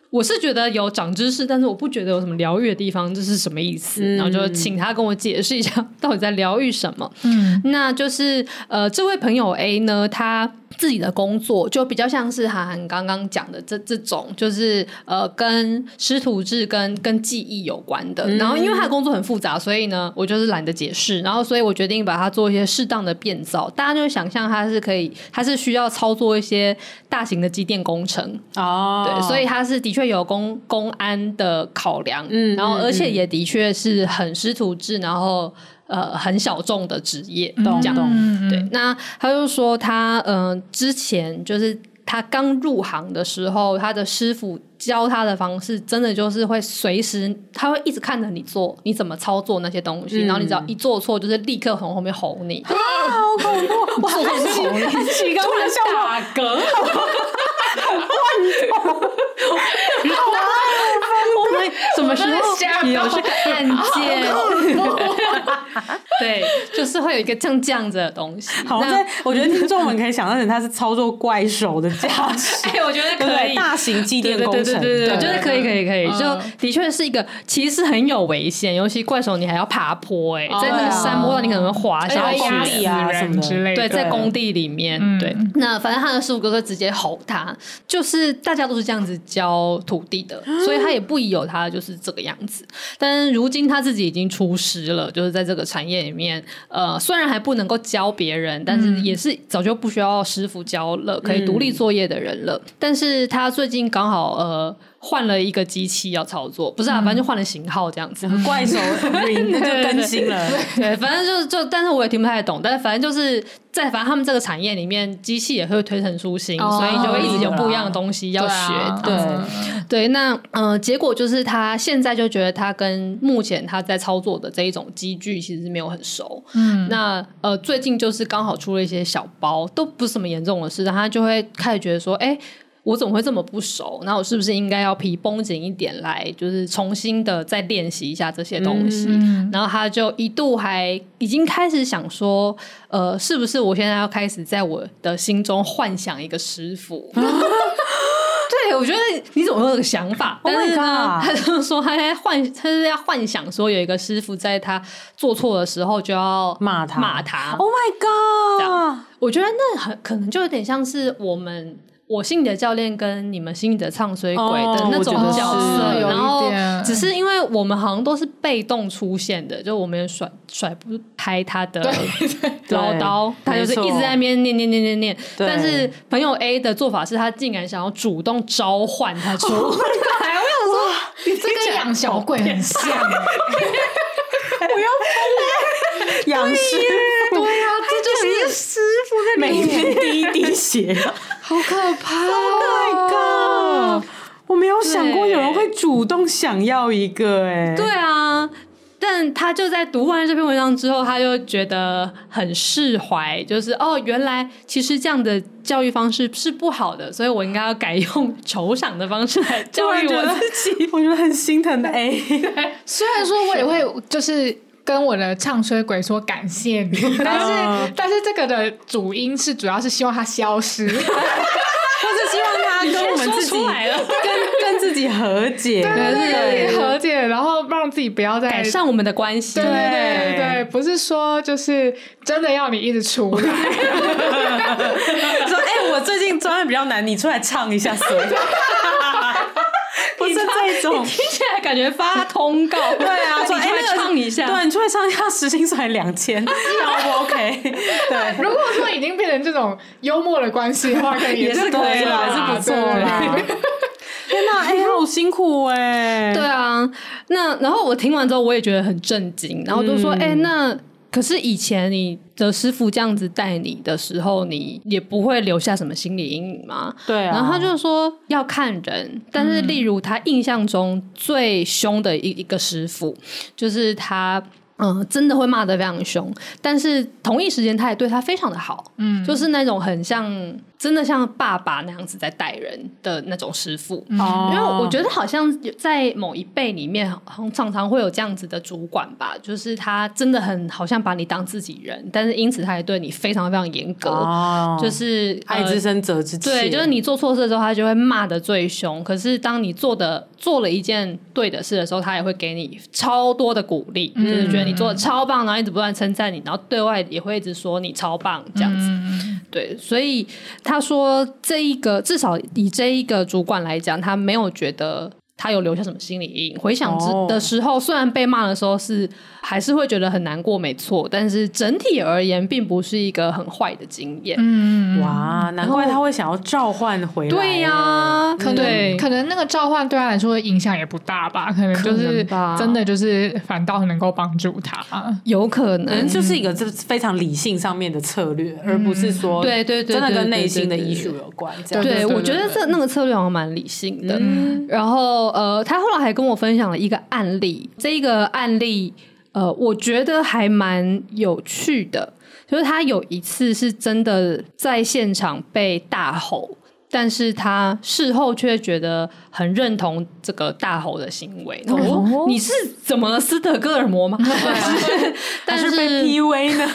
我是覺得有長知識，但是我不覺得有什麼療癒的地方，這是什麼意思？嗯，然後就請他跟我解釋一下，到底在療癒什麼？嗯，那就是呃，這位朋友 A 呢，他。自己的工作就比較像是韓寒剛剛講的這這種，就是呃，跟師徒制跟跟技藝有關的。嗯、然後，因為他的工作很複雜，所以呢，我就是懶得解釋。然後，所以我決定把它做一些適當的變造。大家就想象，他是可以，他是需要操作一些大型的機電工程哦。對，所以他是的確有工工安的考量，嗯，嗯，然後而且也的確是很師徒制，嗯、然後。呃，很小眾的職業，懂、嗯嗯、對、嗯，那他就說他，嗯、呃，之前就是他剛入行的時候，他的師傅教他的方式，真的就是會隨時，他會一直看着你做，你怎麼操作那些東西，嗯、然後你只要一做錯，就是立刻從後面吼你。啊，好恐怖！哇，我還吼你，突然笑我很，哥、啊，好亂。啊怎麼下、哦、下是下鈎？啊啊、 對，就是會有一個像這樣子的東西。好，那我覺得聽眾們可以想到，點他是操作怪手的架勢。哎、嗯嗯嗯嗯欸，我覺得可以，大型機電工程，對對對，我覺得可以，可以，可以。就的確是一個，其實很有危險，尤其怪手你還要爬坡、欸，哎、uh，在那個山坡上你可能會滑下去，死人、啊、什麼之類的。對，在工地裡面，對，那反正他的師傅哥哥直接吼他，就是大家都是這樣子教徒弟的，所以他也不疑有他，就是。是這個樣子，但如今他自己已經出師了，就是在這個產業裡面，呃，雖然還不能夠教別人、嗯，但是也是早就不需要師傅教了，可以獨立作業的人了。嗯、但是他最近剛好呃。換了一個機器要操作，不是啊，嗯、反正就換了型號這樣子，怪手，那 就更新了。對，反正就就，但是我也聽不太懂，但是反正就是在，反正他們這個產業裡面，機器也會推陳出新，哦，所以就會一直有不一樣的東西要學。哦啊對，啊、對，對，那嗯、呃，結果就是他現在就覺得他跟目前他在操作的這一種機具其實是沒有很熟。嗯，那呃，最近就是剛好出了一些小包，都不是什麼嚴重的事，然後他就會開始覺得說，哎、欸。我怎麼會這麼不熟？那我是不是應該要皮繃緊一點，來就是重新的再練習一下這些東西，嗯嗯？然後他就一度還已經開始想說，呃，是不是我現在要開始在我的心中幻想一個師傅？啊、 對，我覺得你怎麼有這個想法？Oh my god！他就說他在幻，他在幻想說有一個師傅在他做錯的時候就要罵他，罵他。Oh my god！我覺得那很可能就有點像是我們。我心裡的教練跟你們心裡的唱衰鬼的那種角色，哦，然後只是因為我們好像都是被動出現的，嗯、就我們甩甩不開他的嘮叨、叨對對對，他就是一直在那邊念念念念念。但是朋友 A 的做法是他竟然想要主動召喚他出來，我想說、oh、你這跟養小鬼很像，欸， 我要了、這個，養 師，對呀！啊，這就是師傅在每天滴一滴血。 好可怕！Oh my God，我沒有想過有人會主動想要一個哎。對啊，但他就在讀完這篇文章之後，他就覺得很釋懷，就是哦，原來其實這樣的教育方式是不好的，所以我應該要改用酬賞的方式來教育我自己。我覺得很心疼的哎對。雖然說我也會就是。跟我的唱衰鬼說感謝你，但是、嗯、但是這個的主因是主要是希望他消失，就 是希望他跟我們自己跟 跟自己和解，對，對，對，對和解，然後讓自己不要再改善我們的關係。對，對對，不是說就是真的要你一直出來， 說哎、欸，我最近專案比較難，你出來唱一下衰，所以 不是這種聽起來感覺發通告， 對啊。你想對你出來唱一時薪才兩千，OK？對，如果說已經變成這種幽默的關係的話，可 以也是可以了，還是不錯了。天哪哎、 欸，好辛苦哎、欸！對啊，那然後我聽完之後，我也覺得很震驚，然後都說：“哎、嗯欸，那……”可是以前你的師傅這樣子帶你的時候，你也不會留下什麼心理陰影嗎？對啊。然後他就說要看人，嗯。但是例如他印象中最兇的一一個師傅，就是他。嗯，真的會罵得非常凶，但是同一時間他也對他非常的好，嗯，就是那種很像真的像爸爸那樣子在帶人的那種師傅。哦，因為我覺得好像在某一輩裡面常常會有這樣子的主管吧，就是他真的很好像把你當自己人，但是因此他也對你非常非常嚴格，哦、就是愛之深責之切、呃。對，就是你做錯事的時候，他就會罵得最凶，可是當你做的做了一件對的事的時候，他也會給你超多的鼓勵，就是覺得、嗯。你做的超棒，然後一直不斷稱讚你，然後對外也會一直說你超棒這樣子。嗯、對,所以他說這一個，至少以這一個主管來講，他沒有覺得他有留下什麼心理陰影。回想之的時候，哦、雖然被罵的時候是。還是會覺得很難過，沒錯，但是整體而言，並不是一個很壞的經驗。嗯，哇，難怪他會想要召喚回來、欸。對呀、啊，可能、嗯、可能那個召喚對他來說影響也不大吧？可能就是真的就是反倒能夠幫助他，有可能，可能就是一個這非常理性上面的策略，嗯、而不是說對對真的跟內心的醫術有關。嗯、對，對，對，對，對，我覺得這那個策略好像蠻理性的。嗯、然後呃，他後來還跟我分享了一個案例，這一個案例。呃，我覺得還蠻有趣的，就是他有一次是真的在現場被大吼。但是他事後卻覺得很認同這個大吼的行為，哦哦。你是怎麼斯德哥爾摩嗎？但是被 P V 呢？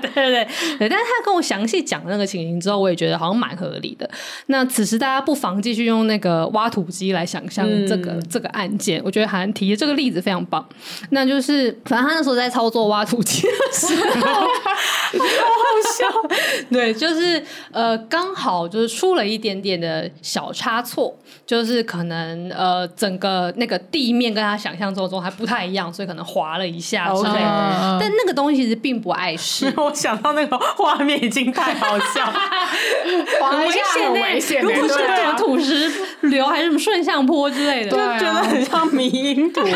對對對是但是，是 對對對對，但他跟我詳細講那個情形之後，我也覺得好像蠻合理的。那此時大家不妨繼續用那個挖土機來想象這個、嗯、這個案件。我覺得韓提這個例子非常棒。那就是反正他那時候在操作挖土機的時候，好好笑。， 對，就是呃，剛好就是說。出了一點點的小差錯，就是可能呃，整個那個地面跟他想象中中還不太一樣，所以可能滑了一下。之類的。Okay. 但那個東西其實並不礙事、嗯。我想到那個畫面已經太好笑了、 嗯，滑了一下很危險的、欸欸。如果那種土石流還是什麼順向坡之類的對、啊，就覺得很像迷因圖。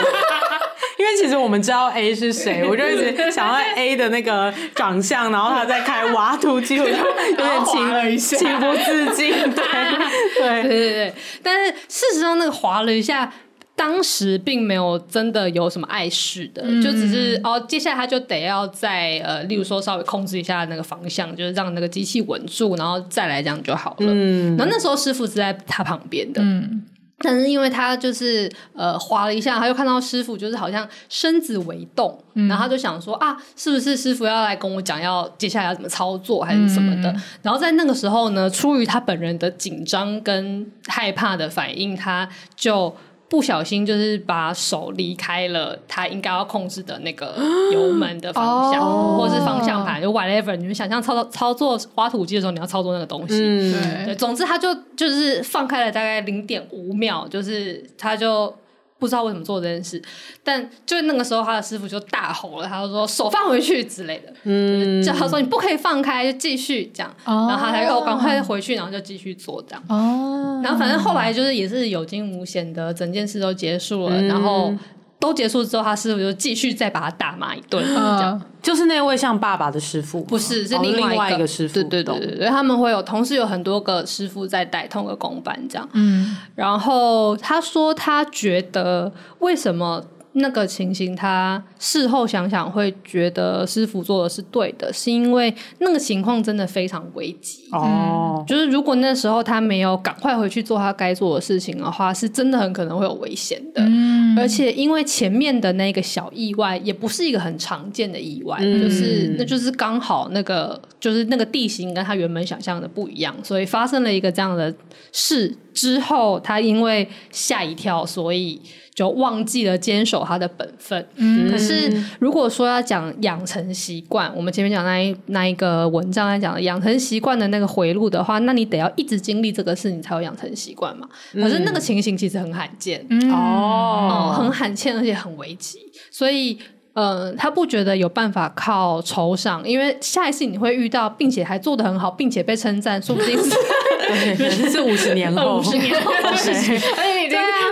因為其實我們知道 A 是誰，我就一直想到 A 的那個長相， 然後他在開挖土機，我就有點情了一下，情不自。 對，啊，對對對，但是事實上那個滑了一下，當時並沒有真的有什麼礙事的，嗯、就只是哦，接下來他就得要再呃，例如說稍微控制一下那個方向，就是讓那個機器穩住，然後再來這樣就好了。嗯，然後那時候師傅是在他旁邊的。嗯。但是因為他就是呃滑了一下，他又看到師傅就是好像身子微動，嗯、然後他就想說啊，是不是師傅要來跟我講要接下來要怎麼操作還是什麼的、嗯？然後在那個時候呢，出於他本人的緊張跟害怕的反應，他就。不小心就是把手離開了他應該要控制的那個油門的方向，哦、或是方向盤，就 whatever。你們想象操作操作挖土機的時候，你要操作那個東西，嗯、對，對，總之他就就是放開了大概零點五秒，就是他就。不知道為什麼做這件事，但就是那個時候，他的師傅就大吼了，他就說手放回去之類的，嗯，叫、就是、他說你不可以放開，就繼續講、哦，然後他就趕、哦、快回去，然後就繼續做這樣，哦，然後反正後來就是也是有驚無險的，整件事都結束了，嗯、然後。都結束之後，他師傅就繼續再把他打罵一頓，啊，就是那位像爸爸的師傅，不是、哦、是另外一個，哦、另外一個師傅，對對對，對，對，他們會有同時有很多個師傅在帶同個工班這樣，嗯，然後他說他覺得為什麼。那個情形，他事後想想會覺得師傅做的是對的，是因為那個情況真的非常危急。哦、嗯，就是如果那時候他沒有趕快回去做他該做的事情的話，是真的很可能會有危險的，嗯。而且因為前面的那個小意外也不是一個很常見的意外，嗯、就是那就是剛好那個就是那個地形跟他原本想象的不一樣，所以發生了一個這樣的事之後，他因為嚇一跳，所以。就忘記了堅守他的本分、嗯。可是如果說要講養成習慣、嗯，我們前面講那一那一個文章在講的養成習慣的那個回路的話，那你得要一直經歷這個事，你才有養成習慣嘛、嗯。可是那個情形其實很罕見，嗯嗯、哦、嗯嗯，很罕見，而且很危急。所以，呃，他不覺得有辦法靠酬賞，因為下一次你會遇到，並且還做得很好，並且被稱讚，說不定、嗯、 是五十年了。五、嗯、十年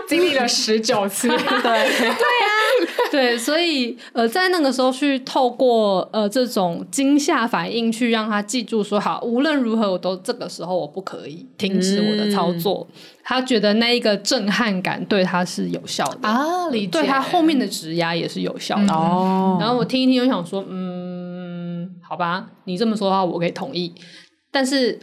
經歷了十九次，對 對呀、啊，對，所以呃，在那個時候去透過呃這種驚嚇反應去讓他記住說好，無論如何我都這個時候我不可以停止我的操作，嗯、他覺得那一個震撼感對他是有效的啊，對他後面的指壓也是有效的、嗯、然後我聽一聽，我想說，嗯，好吧，你這麼說的話，我可以同意，但是。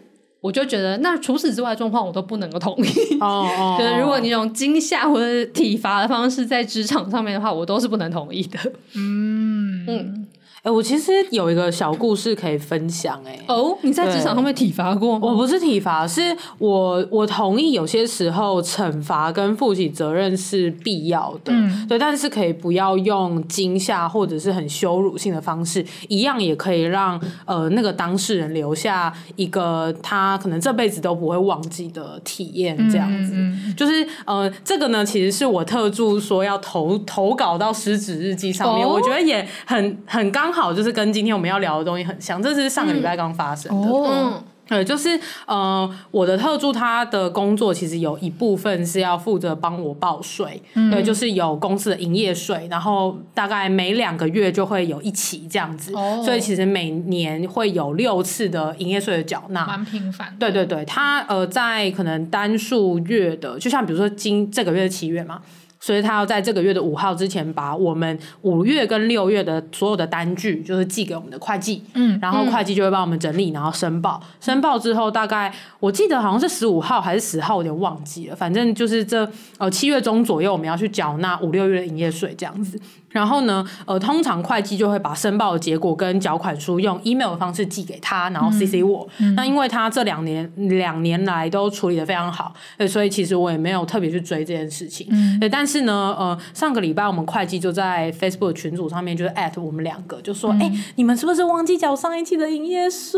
我就覺得，那除此之外的狀況，我都不能夠同意。可能如果你用驚嚇或者體罰的方式在職場上面的話，我都是不能同意的。嗯、mm. 嗯。哎、欸，我其實有一個小故事可以分享哎、欸。哦、oh,，你在職場上被體罰過嗎？我不是體罰，是我我同意有些時候懲罰跟負起責任是必要的，mm -hmm. 對，但是可以不要用驚嚇或者是很羞辱性的方式，一樣也可以讓呃那個當事人留下一個他可能這輩子都不會忘記的體驗，這樣子。Mm -hmm. 就是呃，這個呢，其實是我特助說要投投稿到失職日記上面，oh? 我覺得也很很剛。好，就是跟今天我們要聊的東西很像，這是上個禮拜剛發生的。嗯，哦、對，就是呃，我的特助他的工作其實有一部分是要負責幫我報稅，嗯，對，就是有公司的營業稅，然後大概每兩個月就會有一期這樣子，哦，所以其實每年會有六次的營業稅的繳納，蠻頻繁。對對對，他呃，在可能單數月的，就像比如說今這個月的七月嘛。所以他要在這個月的五號之前把我們五月跟六月的所有的單據，就是寄給我們的會計，嗯，然後會計就會幫我們整理，嗯，然後申報。申報之後，大概我記得好像是十五號還是十號，有點忘記了。反正就是這呃七月中左右，我們要去繳納五六月的營業稅這樣子。然後呢，呃，通常會計就會把申報的結果跟繳款書用 email 的方式寄給他，嗯、然後 cc 我、嗯。那因為他這兩年兩年來都處理的非常好，所以其實我也沒有特別去追這件事情、嗯對。但是呢，呃，上個禮拜我們會計就在 Facebook 群組上面就是 at 我們兩個，就說，哎、嗯欸，你們是不是忘記繳上一期的營業稅？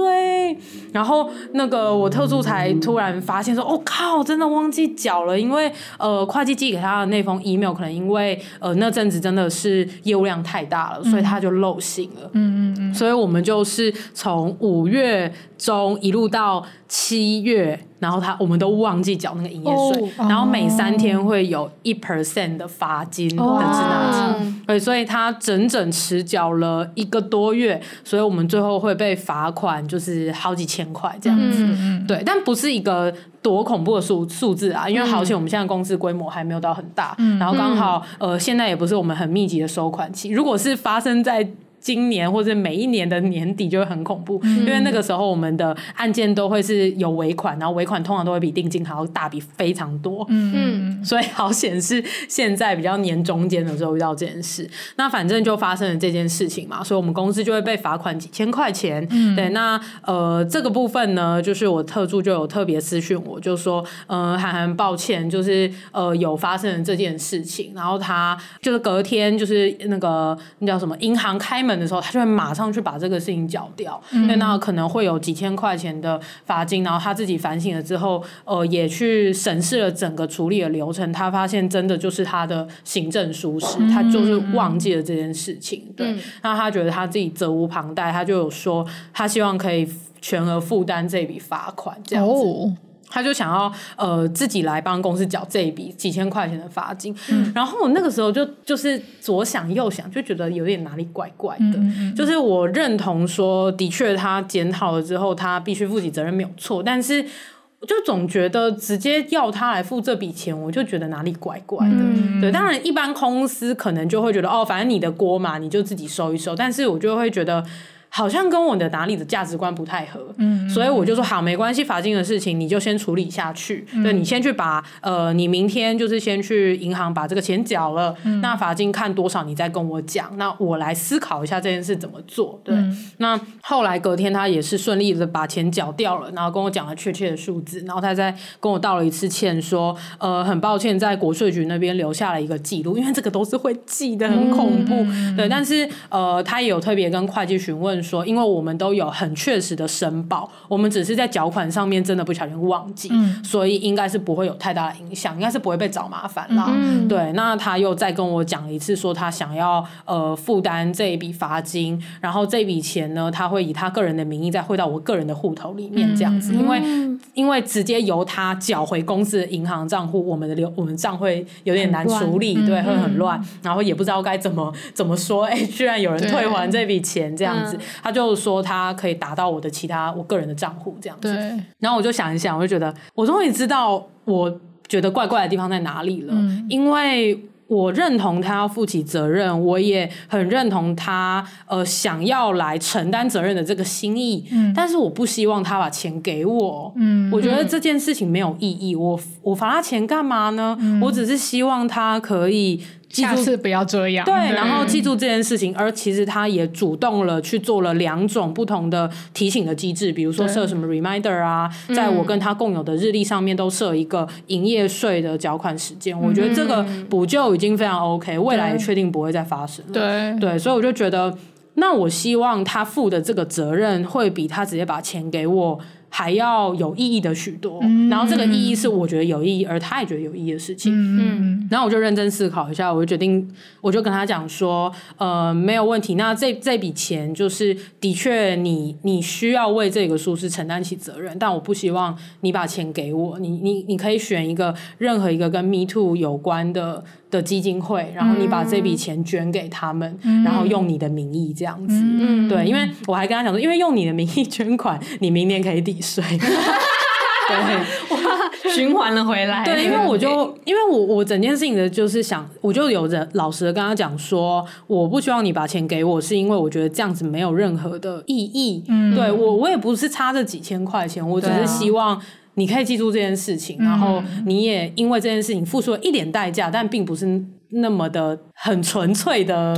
嗯、然後那個我特助才突然發現說，嗯、哦靠，真的忘記繳了，因為呃，會計寄給他的那封 email 可能因為呃那陣子真的是。業務量太大了，所以他就漏信了。嗯嗯嗯，所以我們就是從五月中一路到七月。然後他，我們都忘記繳那個營業稅，哦、然後每三天會有一 percent 的罰金的滯納金，對，所以他整整遲繳了一個多月，所以我們最後會被罰款，就是好幾千塊這樣子，嗯、對，但不是一個多恐怖的數數字啊，因為好像我們現在公司規模還沒有到很大，嗯、然後剛好、嗯、呃現在也不是我們很密集的收款期，如果是發生在今年或者每一年的年底就會很恐怖，嗯嗯，因為那個時候我們的案件都會是有尾款，然後尾款通常都會比定金還要大筆非常多。嗯嗯，所以好險是現在比較年中間的時候遇到這件事，那反正就發生了這件事情嘛，所以我們公司就會被罰款幾千塊錢。嗯嗯，對，那呃這個部分呢，就是我特助就有特別私訊我，就說呃涵涵抱歉，就是呃有發生了這件事情，然後他就是隔天就是那個那叫什麼銀行開門。的時候，他就會馬上去把這個事情繳掉，嗯。對，那可能會有幾千塊錢的罰金。然後他自己反省了之後，呃，也去審視了整個處理的流程。他發現真的就是他的行政疏失，嗯，他就是忘記了這件事情。對，嗯、那他覺得他自己責無旁貸，他就有說他希望可以全額負擔這筆罰款這樣子。哦他就想要呃自己來幫公司繳這一筆幾千塊錢的罰金，嗯，然後我那個時候就就是左想右想，就覺得有點哪裡怪怪的。嗯嗯嗯，就是我認同說，的確他檢討了之後，他必須負起責任沒有錯，但是我就總覺得直接要他來付這筆錢，我就覺得哪裡怪怪的，嗯嗯。對，當然一般公司可能就會覺得哦，反正你的鍋嘛，你就自己收一收，但是我就會覺得。好像跟我的哪裡的價值觀不太合，嗯，嗯，所以我就說好，沒關係，罰金的事情你就先處理下去，嗯、對，你先去把呃，你明天就是先去銀行把這個錢繳了，嗯、那罰金看多少你再跟我講，那我來思考一下這件事怎麼做，對，嗯、那後來隔天他也是順利的把錢繳掉了，然後跟我講了確切的數字，然後他再跟我道了一次歉，說呃，很抱歉在國稅局那邊留下了一個記錄，因為這個都是會記的，很恐怖，嗯嗯嗯對，但是呃，他也有特別跟會計詢問。說，因為我們都有很確實的申報，我們只是在繳款上面真的不小心忘記，嗯，所以應該是不會有太大的影響，應該是不會被找麻煩啦。嗯嗯，對，那他又再跟我講一次，說他想要呃負擔這一筆罰金，然後這筆錢呢，他會以他個人的名義再匯到我個人的戶頭裡面，嗯嗯，這樣子，因為因為直接由他繳回公司的銀行賬戶，我們的流我們帳會有點難處理，很對，會很亂，嗯嗯，然後也不知道該怎麼怎麼說，哎，居然有人退還這筆錢，這樣子。嗯他就說他可以打到我的其他我個人的賬戶這樣子，然後我就想一想，我就覺得我終於知道我覺得怪怪的地方在哪裡了，嗯、因為我認同他要負起責任，我也很認同他呃想要來承擔責任的這個心意，嗯、但是我不希望他把錢給我、嗯，我覺得這件事情沒有意義，我我罰他錢幹嘛呢、嗯？我只是希望他可以。下次不要這樣。對，然後記住這件事情。而其實他也主動了去做了兩種不同的提醒的機制，比如說設什麼 reminder 啊，在我跟他共有的日曆上面都設一個營業稅的繳款時間、嗯。我覺得這個補救已經非常 OK，嗯、未來也確定不會再發生了。對對，所以我就覺得，那我希望他負的這個責任會比他直接把錢給我。還要有意義的許多，然後這個意義是我覺得有意義，嗯、而他也覺得有意義的事情。嗯，然後我就認真思考一下，我就決定，我就跟他講說，呃，沒有問題。那這這筆錢就是的確，你你需要為這個數字承擔起責任，但我不希望你把錢給我，你你你可以選一個任何一個跟 Me Too 有關的的基金會，然後你把這筆錢捐給他們，嗯，然後用你的名義這樣子。嗯、對，因為我還跟他講說，因為用你的名義捐款，你明年可以抵。水， 哇 對，循環了回來了。對，因為我就因為我我整件事情的就是想，我就有着老實的跟他講說，我不希望你把錢給我，是因為我覺得這樣子沒有任何的意義。嗯，對我我也不是差這幾千塊錢，我只是希望你可以記住這件事情，嗯、然後你也因為這件事情付出了一點代價，但並不是那麼的。很純粹的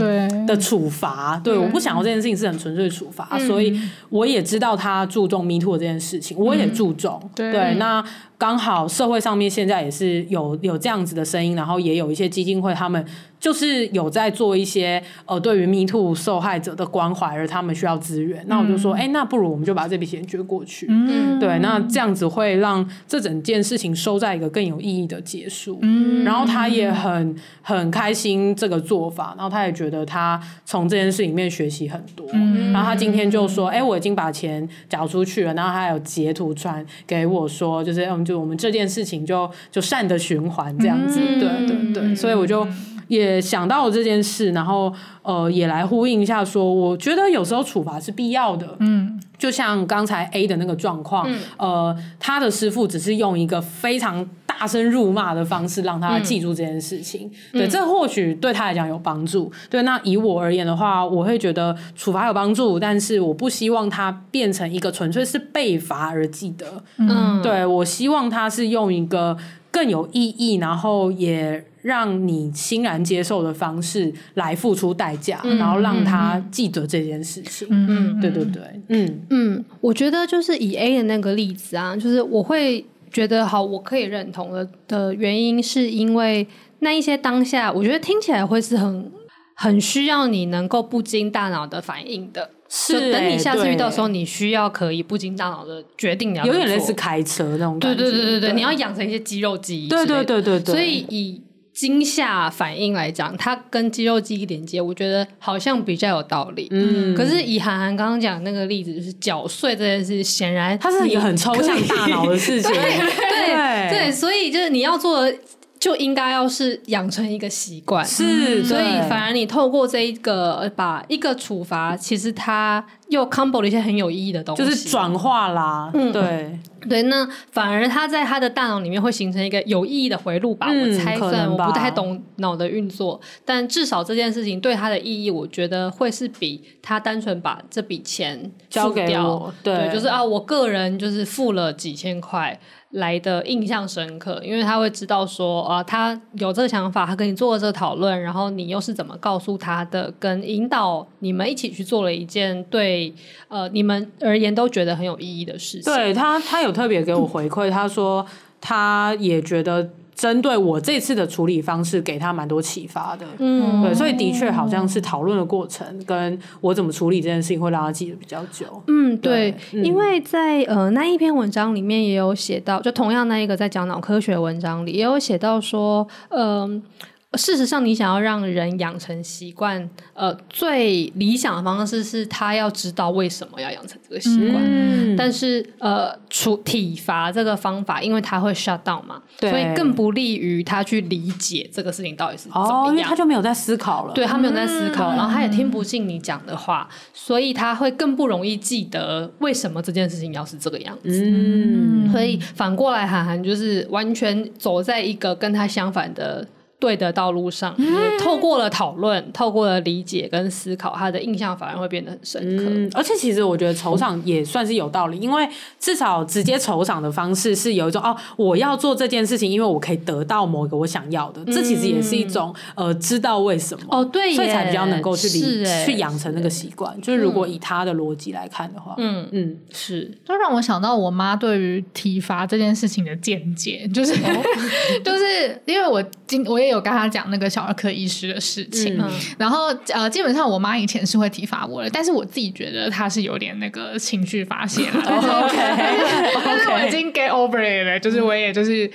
的處罰，對，我不想要這件事情是很純粹的處罰、嗯，所以我也知道他注重 Me Too 的這件事情，我也注重。嗯、對,對，那剛好社會上面現在也是有有這樣子的聲音，然後也有一些基金會，他們就是有在做一些呃對於 Me Too 受害者的關懷，而他們需要資源、嗯，那我就說，哎、欸，那不如我們就把這筆錢捐過去。嗯,嗯,嗯，對，那這樣子會讓這整件事情收在一個更有意義的結束。嗯,嗯，然後他也很很開心這個。個做法，然後他也覺得他從這件事裡面學習很多、嗯，然後他今天就說：“哎、嗯欸，我已經把錢繳出去了。”然後他還有截圖傳給我說：“就是，嗯，就我們這件事情就就善的循環這樣子。嗯”對對對，所以我就。嗯也想到了這件事，然後呃，也來呼應一下說，說我覺得有時候處罰是必要的，嗯，就像剛才 A 的那個狀況、嗯，呃，他的師傅只是用一個非常大聲辱罵的方式讓他記住這件事情，嗯、對，這或許對他來講有幫助、嗯，對。那以我而言的話，我會覺得處罰有幫助，但是我不希望他變成一個純粹是被罰而記得，嗯，對，我希望他是用一個更有意義，然後也。讓你欣然接受的方式來付出代價，嗯、然後讓他記得這件事情。嗯對對對，嗯嗯，嗯，我覺得就是以 A 的那個例子啊，就是我會覺得好，我可以認同的的原因，是因為那一些當下，我覺得聽起來會是很很需要你能夠不經大腦的反應的，是、欸、就等你下次遇到的時候，你需要可以不經大腦的決定了。有點類似開車那種感覺，對對對對對，對，對，你要養成一些肌肉記憶。對對，對對對對對，所以以。驚嚇反應來講，它跟肌肉記憶連接，我覺得好像比較有道理。嗯，可是以韓涵剛剛講那個例子，就是攪碎這件事，顯然它是一個很抽象大腦的事情。 對對，對，對，所以就是你要做的，就應該要是養成一個習慣。是、嗯對，所以反而你透過這一個，把一個處罰，其實它又 combo 了一些很有意義的東西，就是轉化啦。嗯，對。對，那反而他在他的大腦裡面會形成一個有意義的回路吧？嗯，我猜測，我不太懂腦的運作，但至少這件事情對他的意義，我覺得會是比他單純把這筆錢掉交給我對，對，就是啊，我個人就是付了幾千塊來的印象深刻，因為他會知道說啊，他有這個想法，他跟你做了這個討論，然後你又是怎麼告訴他的，跟引導你們一起去做了一件對呃你們而言都覺得很有意義的事情。對他，他有。特別給我回饋，他說他也覺得針對我這次的處理方式，給他蠻多啟發的。嗯，對，所以的確好像是討論的過程、嗯，跟我怎麼處理這件事情，會讓他記得比較久。嗯，對，對因為在、嗯、呃那一篇文章裡面也有寫到，就同樣那一個在講腦科學的文章裡也有寫到說，嗯、呃。事實上，你想要讓人養成習慣，呃，最理想的方式是他要知道為什麼要養成這個習慣。嗯、但是呃，處體罰這個方法，因為他會 shut down 嘛，所以更不利於他去理解這個事情到底是怎麼樣。哦、因為他就沒有在思考了，對，他沒有在思考，嗯、然後他也聽不進你講的話，所以他會更不容易記得為什麼這件事情要是這個樣子。嗯，所以反過來，涵涵就是完全走在一個跟他相反的對的道路上，就是、透過了討論、嗯，透過了理解跟思考，他的印象反而會變得很深刻。嗯、而且，其實我覺得酬賞也算是有道理、嗯，因為至少直接酬賞的方式是有一種哦，我要做這件事情，因為我可以得到某一個我想要的、嗯。這其實也是一種呃，知道為什麼哦，對，所以才比較能夠去理去養成那個習慣。就是如果以他的邏輯來看的話，嗯嗯,嗯，是，這讓我想到我媽對於體罰這件事情的見解，就是、哦、 就是因為我今我也。有跟他講那個小兒科醫師的事情，嗯、然後呃，基本上我媽以前是會體罰我的，但是我自己覺得他是有點那個情緒發洩了。 但是，okay, okay. 但是我已經 get over it 了，就是我也就是、嗯、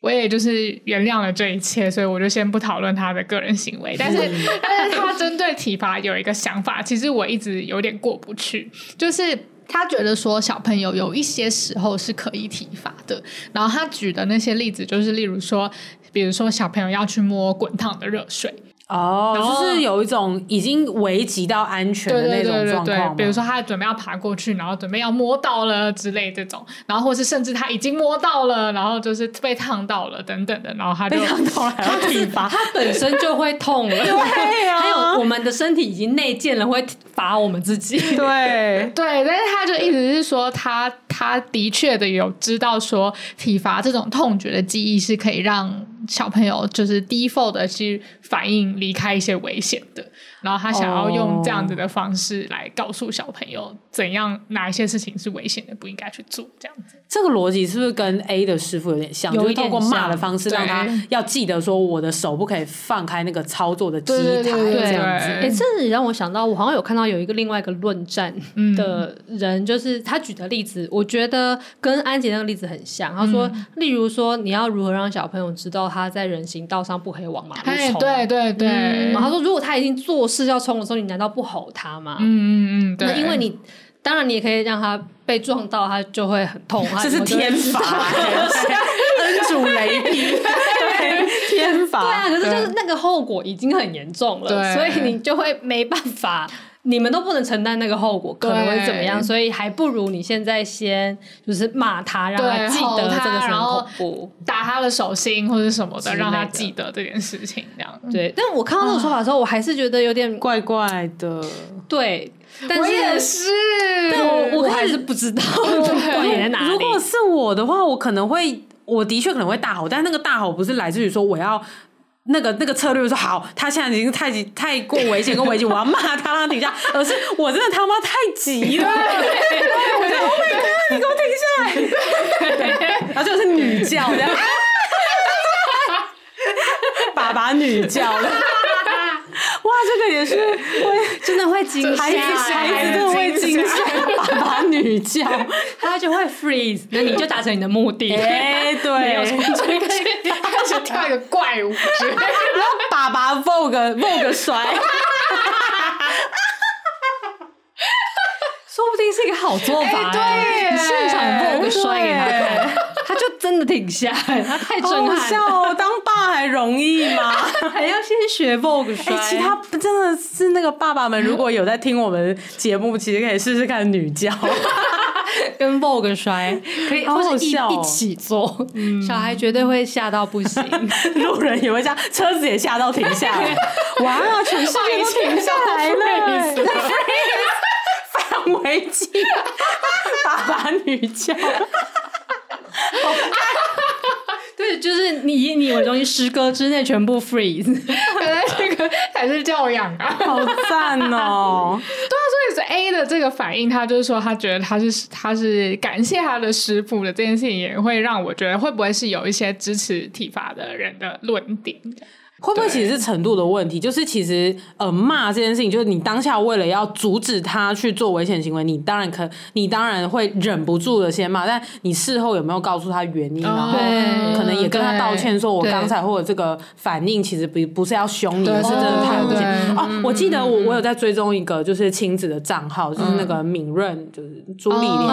我也就是原諒了這一切，所以我就先不討論他的個人行為。但是、嗯、但是他針對體罰有一個想法， 其實我一直有點過不去，就是他覺得說小朋友有一些時候是可以體罰的，然後他舉的那些例子就是例如說。比如說小朋友要去摸滾燙的熱水哦，oh, 就是有一種已經危及到安全的那種狀況，對對對對對對。比如說他準備要爬過去，然後準備要摸到了之類的這種，然後或是甚至他已經摸到了，然後就是被燙到了等等的，然後他就燙到了，他體罰 他，他本身就會痛了。對啊，對，還有我們的身體已經內建了會罰我們自己。對對，但是他就意思是說他他的確的有知道說體罰這種痛覺的記憶是可以讓。小朋友就是 default 的去反應離開一些危險的，然後他想要用這樣子的方式來告訴小朋友怎樣、哦、哪一些事情是危險的，不應該去做這樣子。這個邏輯是不是跟 A 的師傅有點像？有一點，透過罵的方式讓他要記得說我的手不可以放開那個操作的機台這樣子。哎，這、欸、讓我想到，我好像有看到有一個另外一個論戰的人，嗯、就是他舉的例子，我覺得跟安吉那個例子很像。他說，嗯、例如說你要如何讓小朋友知道。他在人行道上不可以往馬路衝、啊，對對對、嗯。他說：“如果他已經做事要衝的時候，你難道不吼他嗎？”嗯嗯嗯，對，因為你當然你也可以讓他被撞到，他就會很痛。就這是天罰、啊，天罰 主雷、雷 劈，天罰。對啊，可是就是那個後果已經很嚴重了，對，所以你就會沒辦法。你們都不能承擔那個後果，可能會怎麼樣？所以還不如你現在先就是罵他，讓他記得他這個人恐怖，他打他的手心或者什麼的，讓他記得這件事情。這樣對、嗯，但我看到那個說法的時候、嗯，我還是覺得有點怪怪的。對，但是，我也是，但我我還是不知道 如果是我的話，我可能會，我的確可能會大吼，但那個大吼不是來自於說我要。那個那個策略說好，他現在已經太急，太過危險、跟危急，我要罵他，讓他停下。老師我真的他媽太急了，我就 Oh my God！你給我停下來！然後就是女教，爸爸女教，哇，這個也是會真的會驚嚇，孩子真的會驚嚇。爸爸女教，他就會 freeze，那你就達成你的目的。哎，對。就跳一個怪物， 然後爸爸 Vogue Vogue 摔， 說不定是一個好做法，欸。對，現場 Vogue 摔，他就真的挺像，他太真撼。笑，好好笑，哦， 當爸還容易嗎？ 還要先學 Vogue 摔，欸。其他真的是那個爸爸們如果有在聽我們節目，其實可以試試看女教。 跟 Vogue 摔，可以或者一起做，哦嗯，小孩絕對會嚇到不行，路人也會嚇，車子也嚇到停下，哇， 全世界都停下來了，範圍盡，爸爸女將。 就是你，以你為中心，十格之內全部 freeze， 原來這個才是教養啊，好讚哦！ 對啊，所以是 A 的這個反應，他就是說他覺得他是他是感謝他的師傅的這件事情，也會讓我覺得會不會是有一些支持體罰的人的論點。會不會其實是程度的問題？就是其實，呃，罵這件事情，就是你當下為了要阻止他去做危險行為，你當然可，你當然會忍不住的先罵。但你事後有沒有告訴他原因？然後可能也跟他道歉，說我剛才或者這個反應其實不不是要凶你，是真的太危險、哦嗯。哦，我記得我我有在追蹤一個就是親子的賬號、嗯，就是那個敏潤，就是朱麗蓮日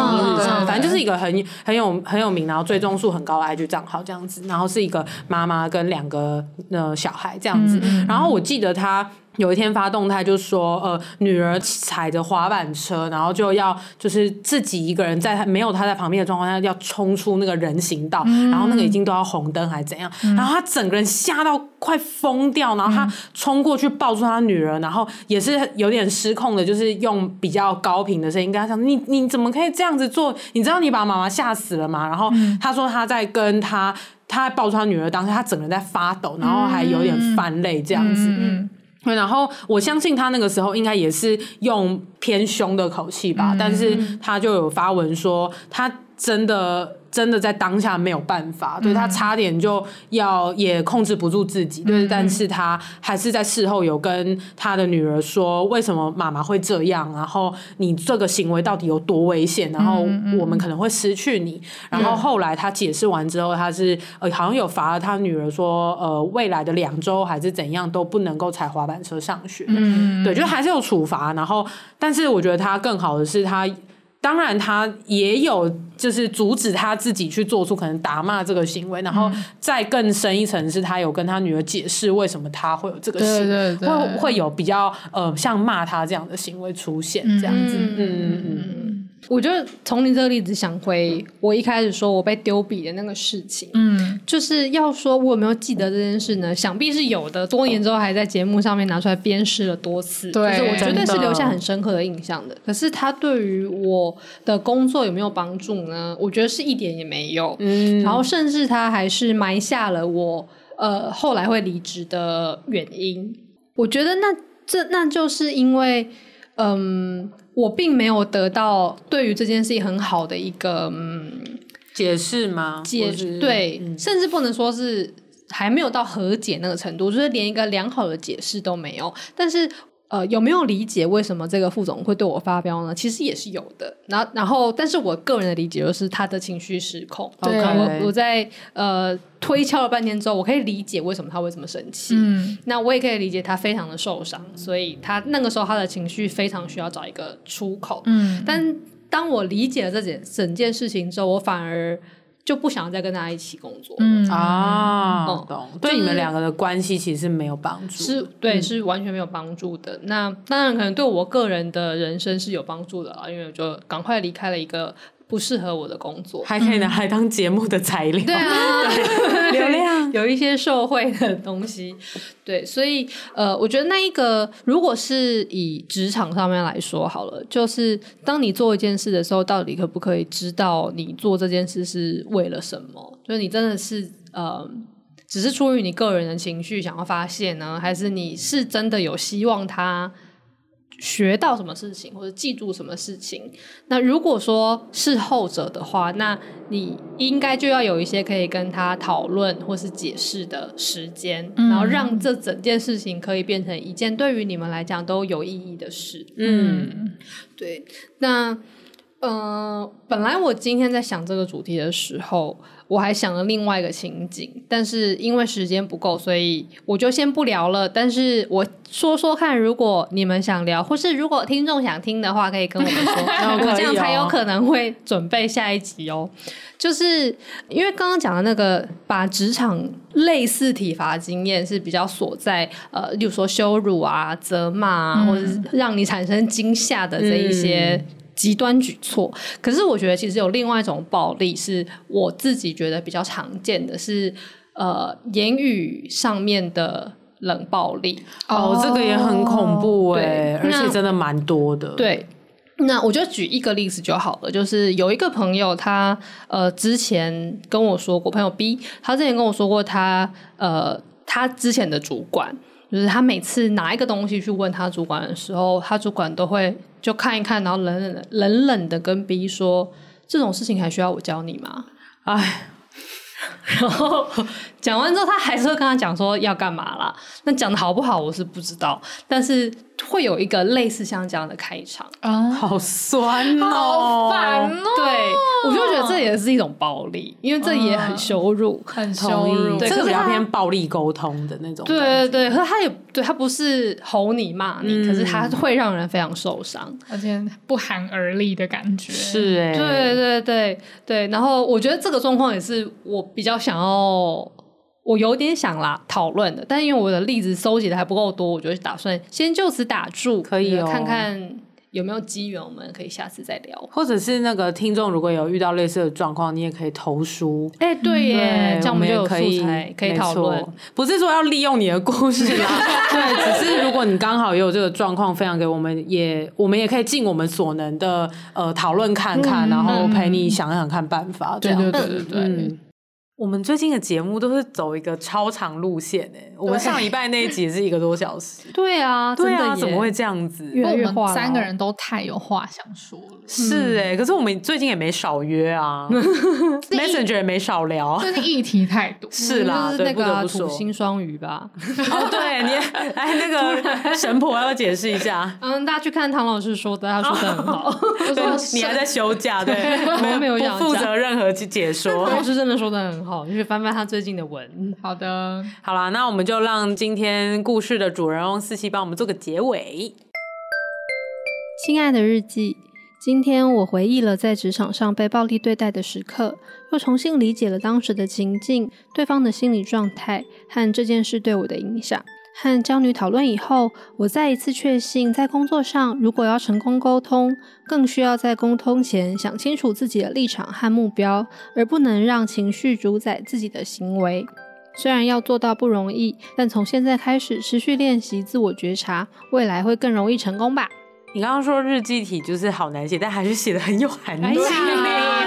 常、哦哦，反正就是一個很很有很有名，然後追蹤數很高的 IG 賬號這樣子。然後是一個媽媽跟兩個呃小。還這樣子，然後我記得他有一天發動態就說：“呃，女兒踩着滑板車，然後就要就是自己一個人在沒有他在旁邊的狀況下要衝出那個人行道，然後那個已經都要紅燈還是怎樣，然後他整個人嚇到快瘋掉，然後他衝過去抱住他女兒，然後也是有點失控的，就是用比較高頻的聲音跟他講：你你怎麼可以這樣子做？你知道你把媽媽嚇死了嗎？然後他說他在跟他。”他抱他女兒當時，他整個人在發抖，然後還有點泛淚，這樣子。嗯，嗯，嗯，然後我相信他那個時候應該也是用偏凶的口氣吧，嗯，但是他就有發文說他。真的，真的在當下沒有辦法，對、嗯、他差點就要也控制不住自己，對、嗯，但是他還是在事後有跟他的女兒說，為什麼媽媽會這樣，然後你這個行為到底有多危險，然後我們可能會失去你。嗯嗯、然後後來他解釋完之後，他是呃好像有罰了他女兒說，呃未來的兩週還是怎樣都不能夠踩滑板車上學、嗯，對，就還是有處罰。然後，但是我覺得他更好的是他。當然，他也有就是阻止他自己去做出可能打罵這個行為，然後再更深一層是，他有跟他女兒解釋為什麼他會有這個行為，對對對會會有比較呃像罵他這樣的行為出現這樣子。嗯嗯嗯。嗯嗯嗯我覺得從你這個例子想回我一開始說我被丟筆的那個事情，嗯，就是要說我有沒有記得這件事呢？嗯，想必是有的。多年之後還在節目上面拿出來鞭屍了多次，對，是我覺得是留下很深刻的印象的。的可是他對於我的工作有沒有幫助呢？我覺得是一點也沒有。嗯，然後甚至他還是埋下了我呃後來會離職的原因。我覺得那這那就是因為嗯。我並沒有得到對於這件事情很好的一個、嗯、解釋嗎？解釋對、嗯，甚至不能說是還沒有到和解那個程度，就是連一個良好的解釋都沒有。但是。呃，有沒有理解為什麼這個副總會對我發飆呢？其實也是有的。然後，但是我個人的理解就是他的情緒失控。對，okay, 我我在呃推敲了半天之後，我可以理解為什麼他會這麼生氣。嗯，那我也可以理解他非常的受傷，所以他那個時候他的情緒非常需要找一個出口。嗯，但當我理解了這件整件事情之後，我反而就不想再跟他一起工作。嗯，嗯啊！懂，對、嗯、你們兩個的關係其實沒有幫助，是對、嗯，是完全沒有幫助的。那當然可能對我個人的人生是有幫助的啊，因為我就趕快離開了一個。不適合我的工作，還可以拿來當節目的材料。嗯啊、 流量有一些受惠的東西，對，所以呃，我覺得那一個，如果是以職場上面來說好了，就是當你做一件事的時候，到底可不可以知道你做這件事是為了什麼？就是你真的是呃，只是出於你個人的情緒想要發洩呢、啊，還是你是真的有希望他？學到什麼事情，或者記住什麼事情。那如果說是後者的話，那你應該就要有一些可以跟他討論或是解釋的時間，嗯，然後讓這整件事情可以變成一件對於你們來講都有意義的事。嗯，對，那。嗯、呃，本來我今天在想這個主題的時候，我還想了另外一個情景，但是因為時間不夠，所以我就先不聊了。但是我說說看，如果你們想聊，或是如果聽眾想聽的話，可以跟我們說，我 這樣才有可能會準備下一集哦。 就是因為剛剛講的那個，把職場類似體罰經驗是比較鎖在呃，比如說羞辱啊、責罵啊，嗯、或者讓你產生驚嚇的這一些。嗯極端舉措，可是我覺得其實有另外一種暴力，是我自己覺得比較常見的是，呃，言語上面的冷暴力。Oh, 哦，這個也很恐怖哎，而且真的蠻多的。對，那我就舉一個例子就好了，就是有一個朋友他，他呃之前跟我說過，朋友 B，他之前跟我說過他呃他之前的主管。就是他每次拿一個東西去問他主管的時候，他主管都會就看一看，然後冷冷冷冷的跟 B 說：“這種事情還需要我教你嗎？”哎，然後講完之後，他還是會跟他講說要幹嘛啦，那講的好不好，我是不知道，但是。會有一個類似像這樣的開場啊、oh. 喔，好酸哦，好煩哦！對我就覺得這也是一種暴力，oh. 因為這也很羞辱，oh. 很羞辱，對，這個比較偏暴力溝通的那種感覺。對對對，可是他也對他不是吼你罵你、嗯，可是他會讓人非常受傷，而且不寒而栗的感覺。是、欸，對對對對。然後我覺得這個狀況也是我比較想要。我有點想啦討論的，但因為我的例子搜集的還不夠多，我就打算先就此打住，可以、哦、看看有沒有機緣，我們可以下次再聊。或者是那個聽眾如果有遇到類似的狀況，你也可以投書。哎、欸，對耶、嗯對，這樣我們就有素材可以討論。不是說要利用你的故事嗎？ 對， 只是如果你剛好也有這個狀況，分享給我們，也我們也可以盡我們所能的呃討論看看、嗯，然後陪你想想看辦法、嗯這樣子。對對對對對。嗯嗯我們最近的節目都是走一個超長路線哎、欸，我們上禮拜那一集是一個多小時。對啊，對啊，怎麼會這樣子？越越我們三個人都太有話想說了。嗯、是哎、欸，可是我們最近也沒少約啊 ，Messenger 也沒少聊，就是議題太多。是啦，是那個對，不得不說土星雙魚吧。 哦，對，你也，哎，那個神婆要不要解釋一下。 嗯，大家去看唐老師說的，他說的很好 對。你還在休假，對， 對沒有沒有，不負責任何去解說。 唐老師真的說的很好。好，就是翻翻他最近的文。好的，好啦。那我們就讓今天故事的主人翁思琪幫我們做個結尾。親愛的日記，今天我回憶了在職場上被暴力對待的時刻，又重新理解了當時的情境、對方的心理狀態和這件事對我的影響。和驕女討論以後，我再一次確信，在工作上如果要成功溝通，更需要在溝通前想清楚自己的立場和目標，而不能讓情緒主宰自己的行為。雖然要做到不容易，但從現在開始持續練習自我覺察，未來會更容易成功吧。你剛剛說日記體就是好難寫，但還是寫得很有含金量，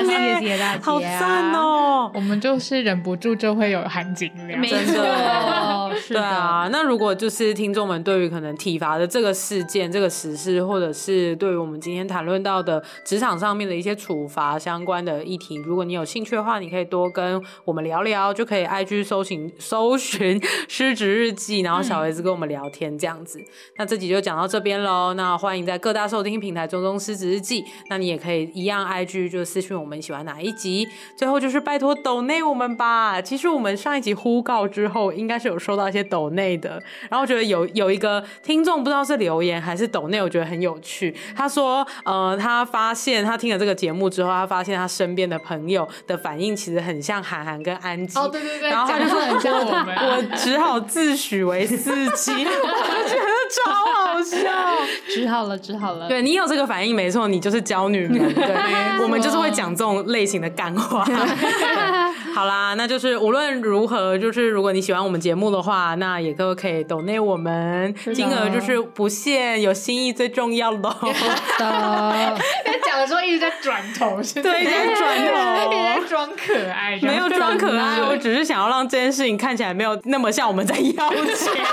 謝謝大家，好讚哦！我們就是忍不住就會有含金量，沒錯。對啊是，那如果就是聽眾們對於可能體罰的這個事件、這個時事，或者是對於我們今天談論到的職場上面的一些處罰相關的議題，如果你有興趣的話，你可以多跟我們聊聊，就可以 I G 搜尋搜尋失職日記，然後小孩子跟我們聊天、嗯、這樣子。那這集就講到這邊嘍，那歡迎在各大收聽平台追蹤失職日記，那你也可以一樣 I G 就私訊我們，喜歡哪一集。最後就是拜托抖內我們吧，其實我們上一集呼告之後，應該是有收到。那些抖內的，然後覺得有有一個聽眾不知道是留言還是抖內，我覺得很有趣。他說，呃，他發現他聽了這個節目之後，他發現他身邊的朋友的反應其實很像韓寒跟安吉。哦、oh，對對對。然後他就說很像我們、啊， 我只好自詡為司機， 我覺得超好笑。治好了，治好了。對，你有這個反應沒錯，你就是嬌女們。 對，我們就是會講這種類型的幹話。 好啦，那就是無論如何，就是如果你喜歡我們節目的話。啊，那也都可以。懂，那我們金額就是不限，有心意最重要咯他講的時候一直在轉頭，是對？ 一直在轉頭，裝可愛，沒有裝可愛，我只是想要讓這件事情看起來沒有那麼像我們在要錢。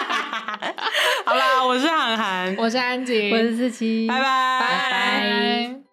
好啦，我是韓寒，我是安吉，我是思琪，拜 拜。Bye bye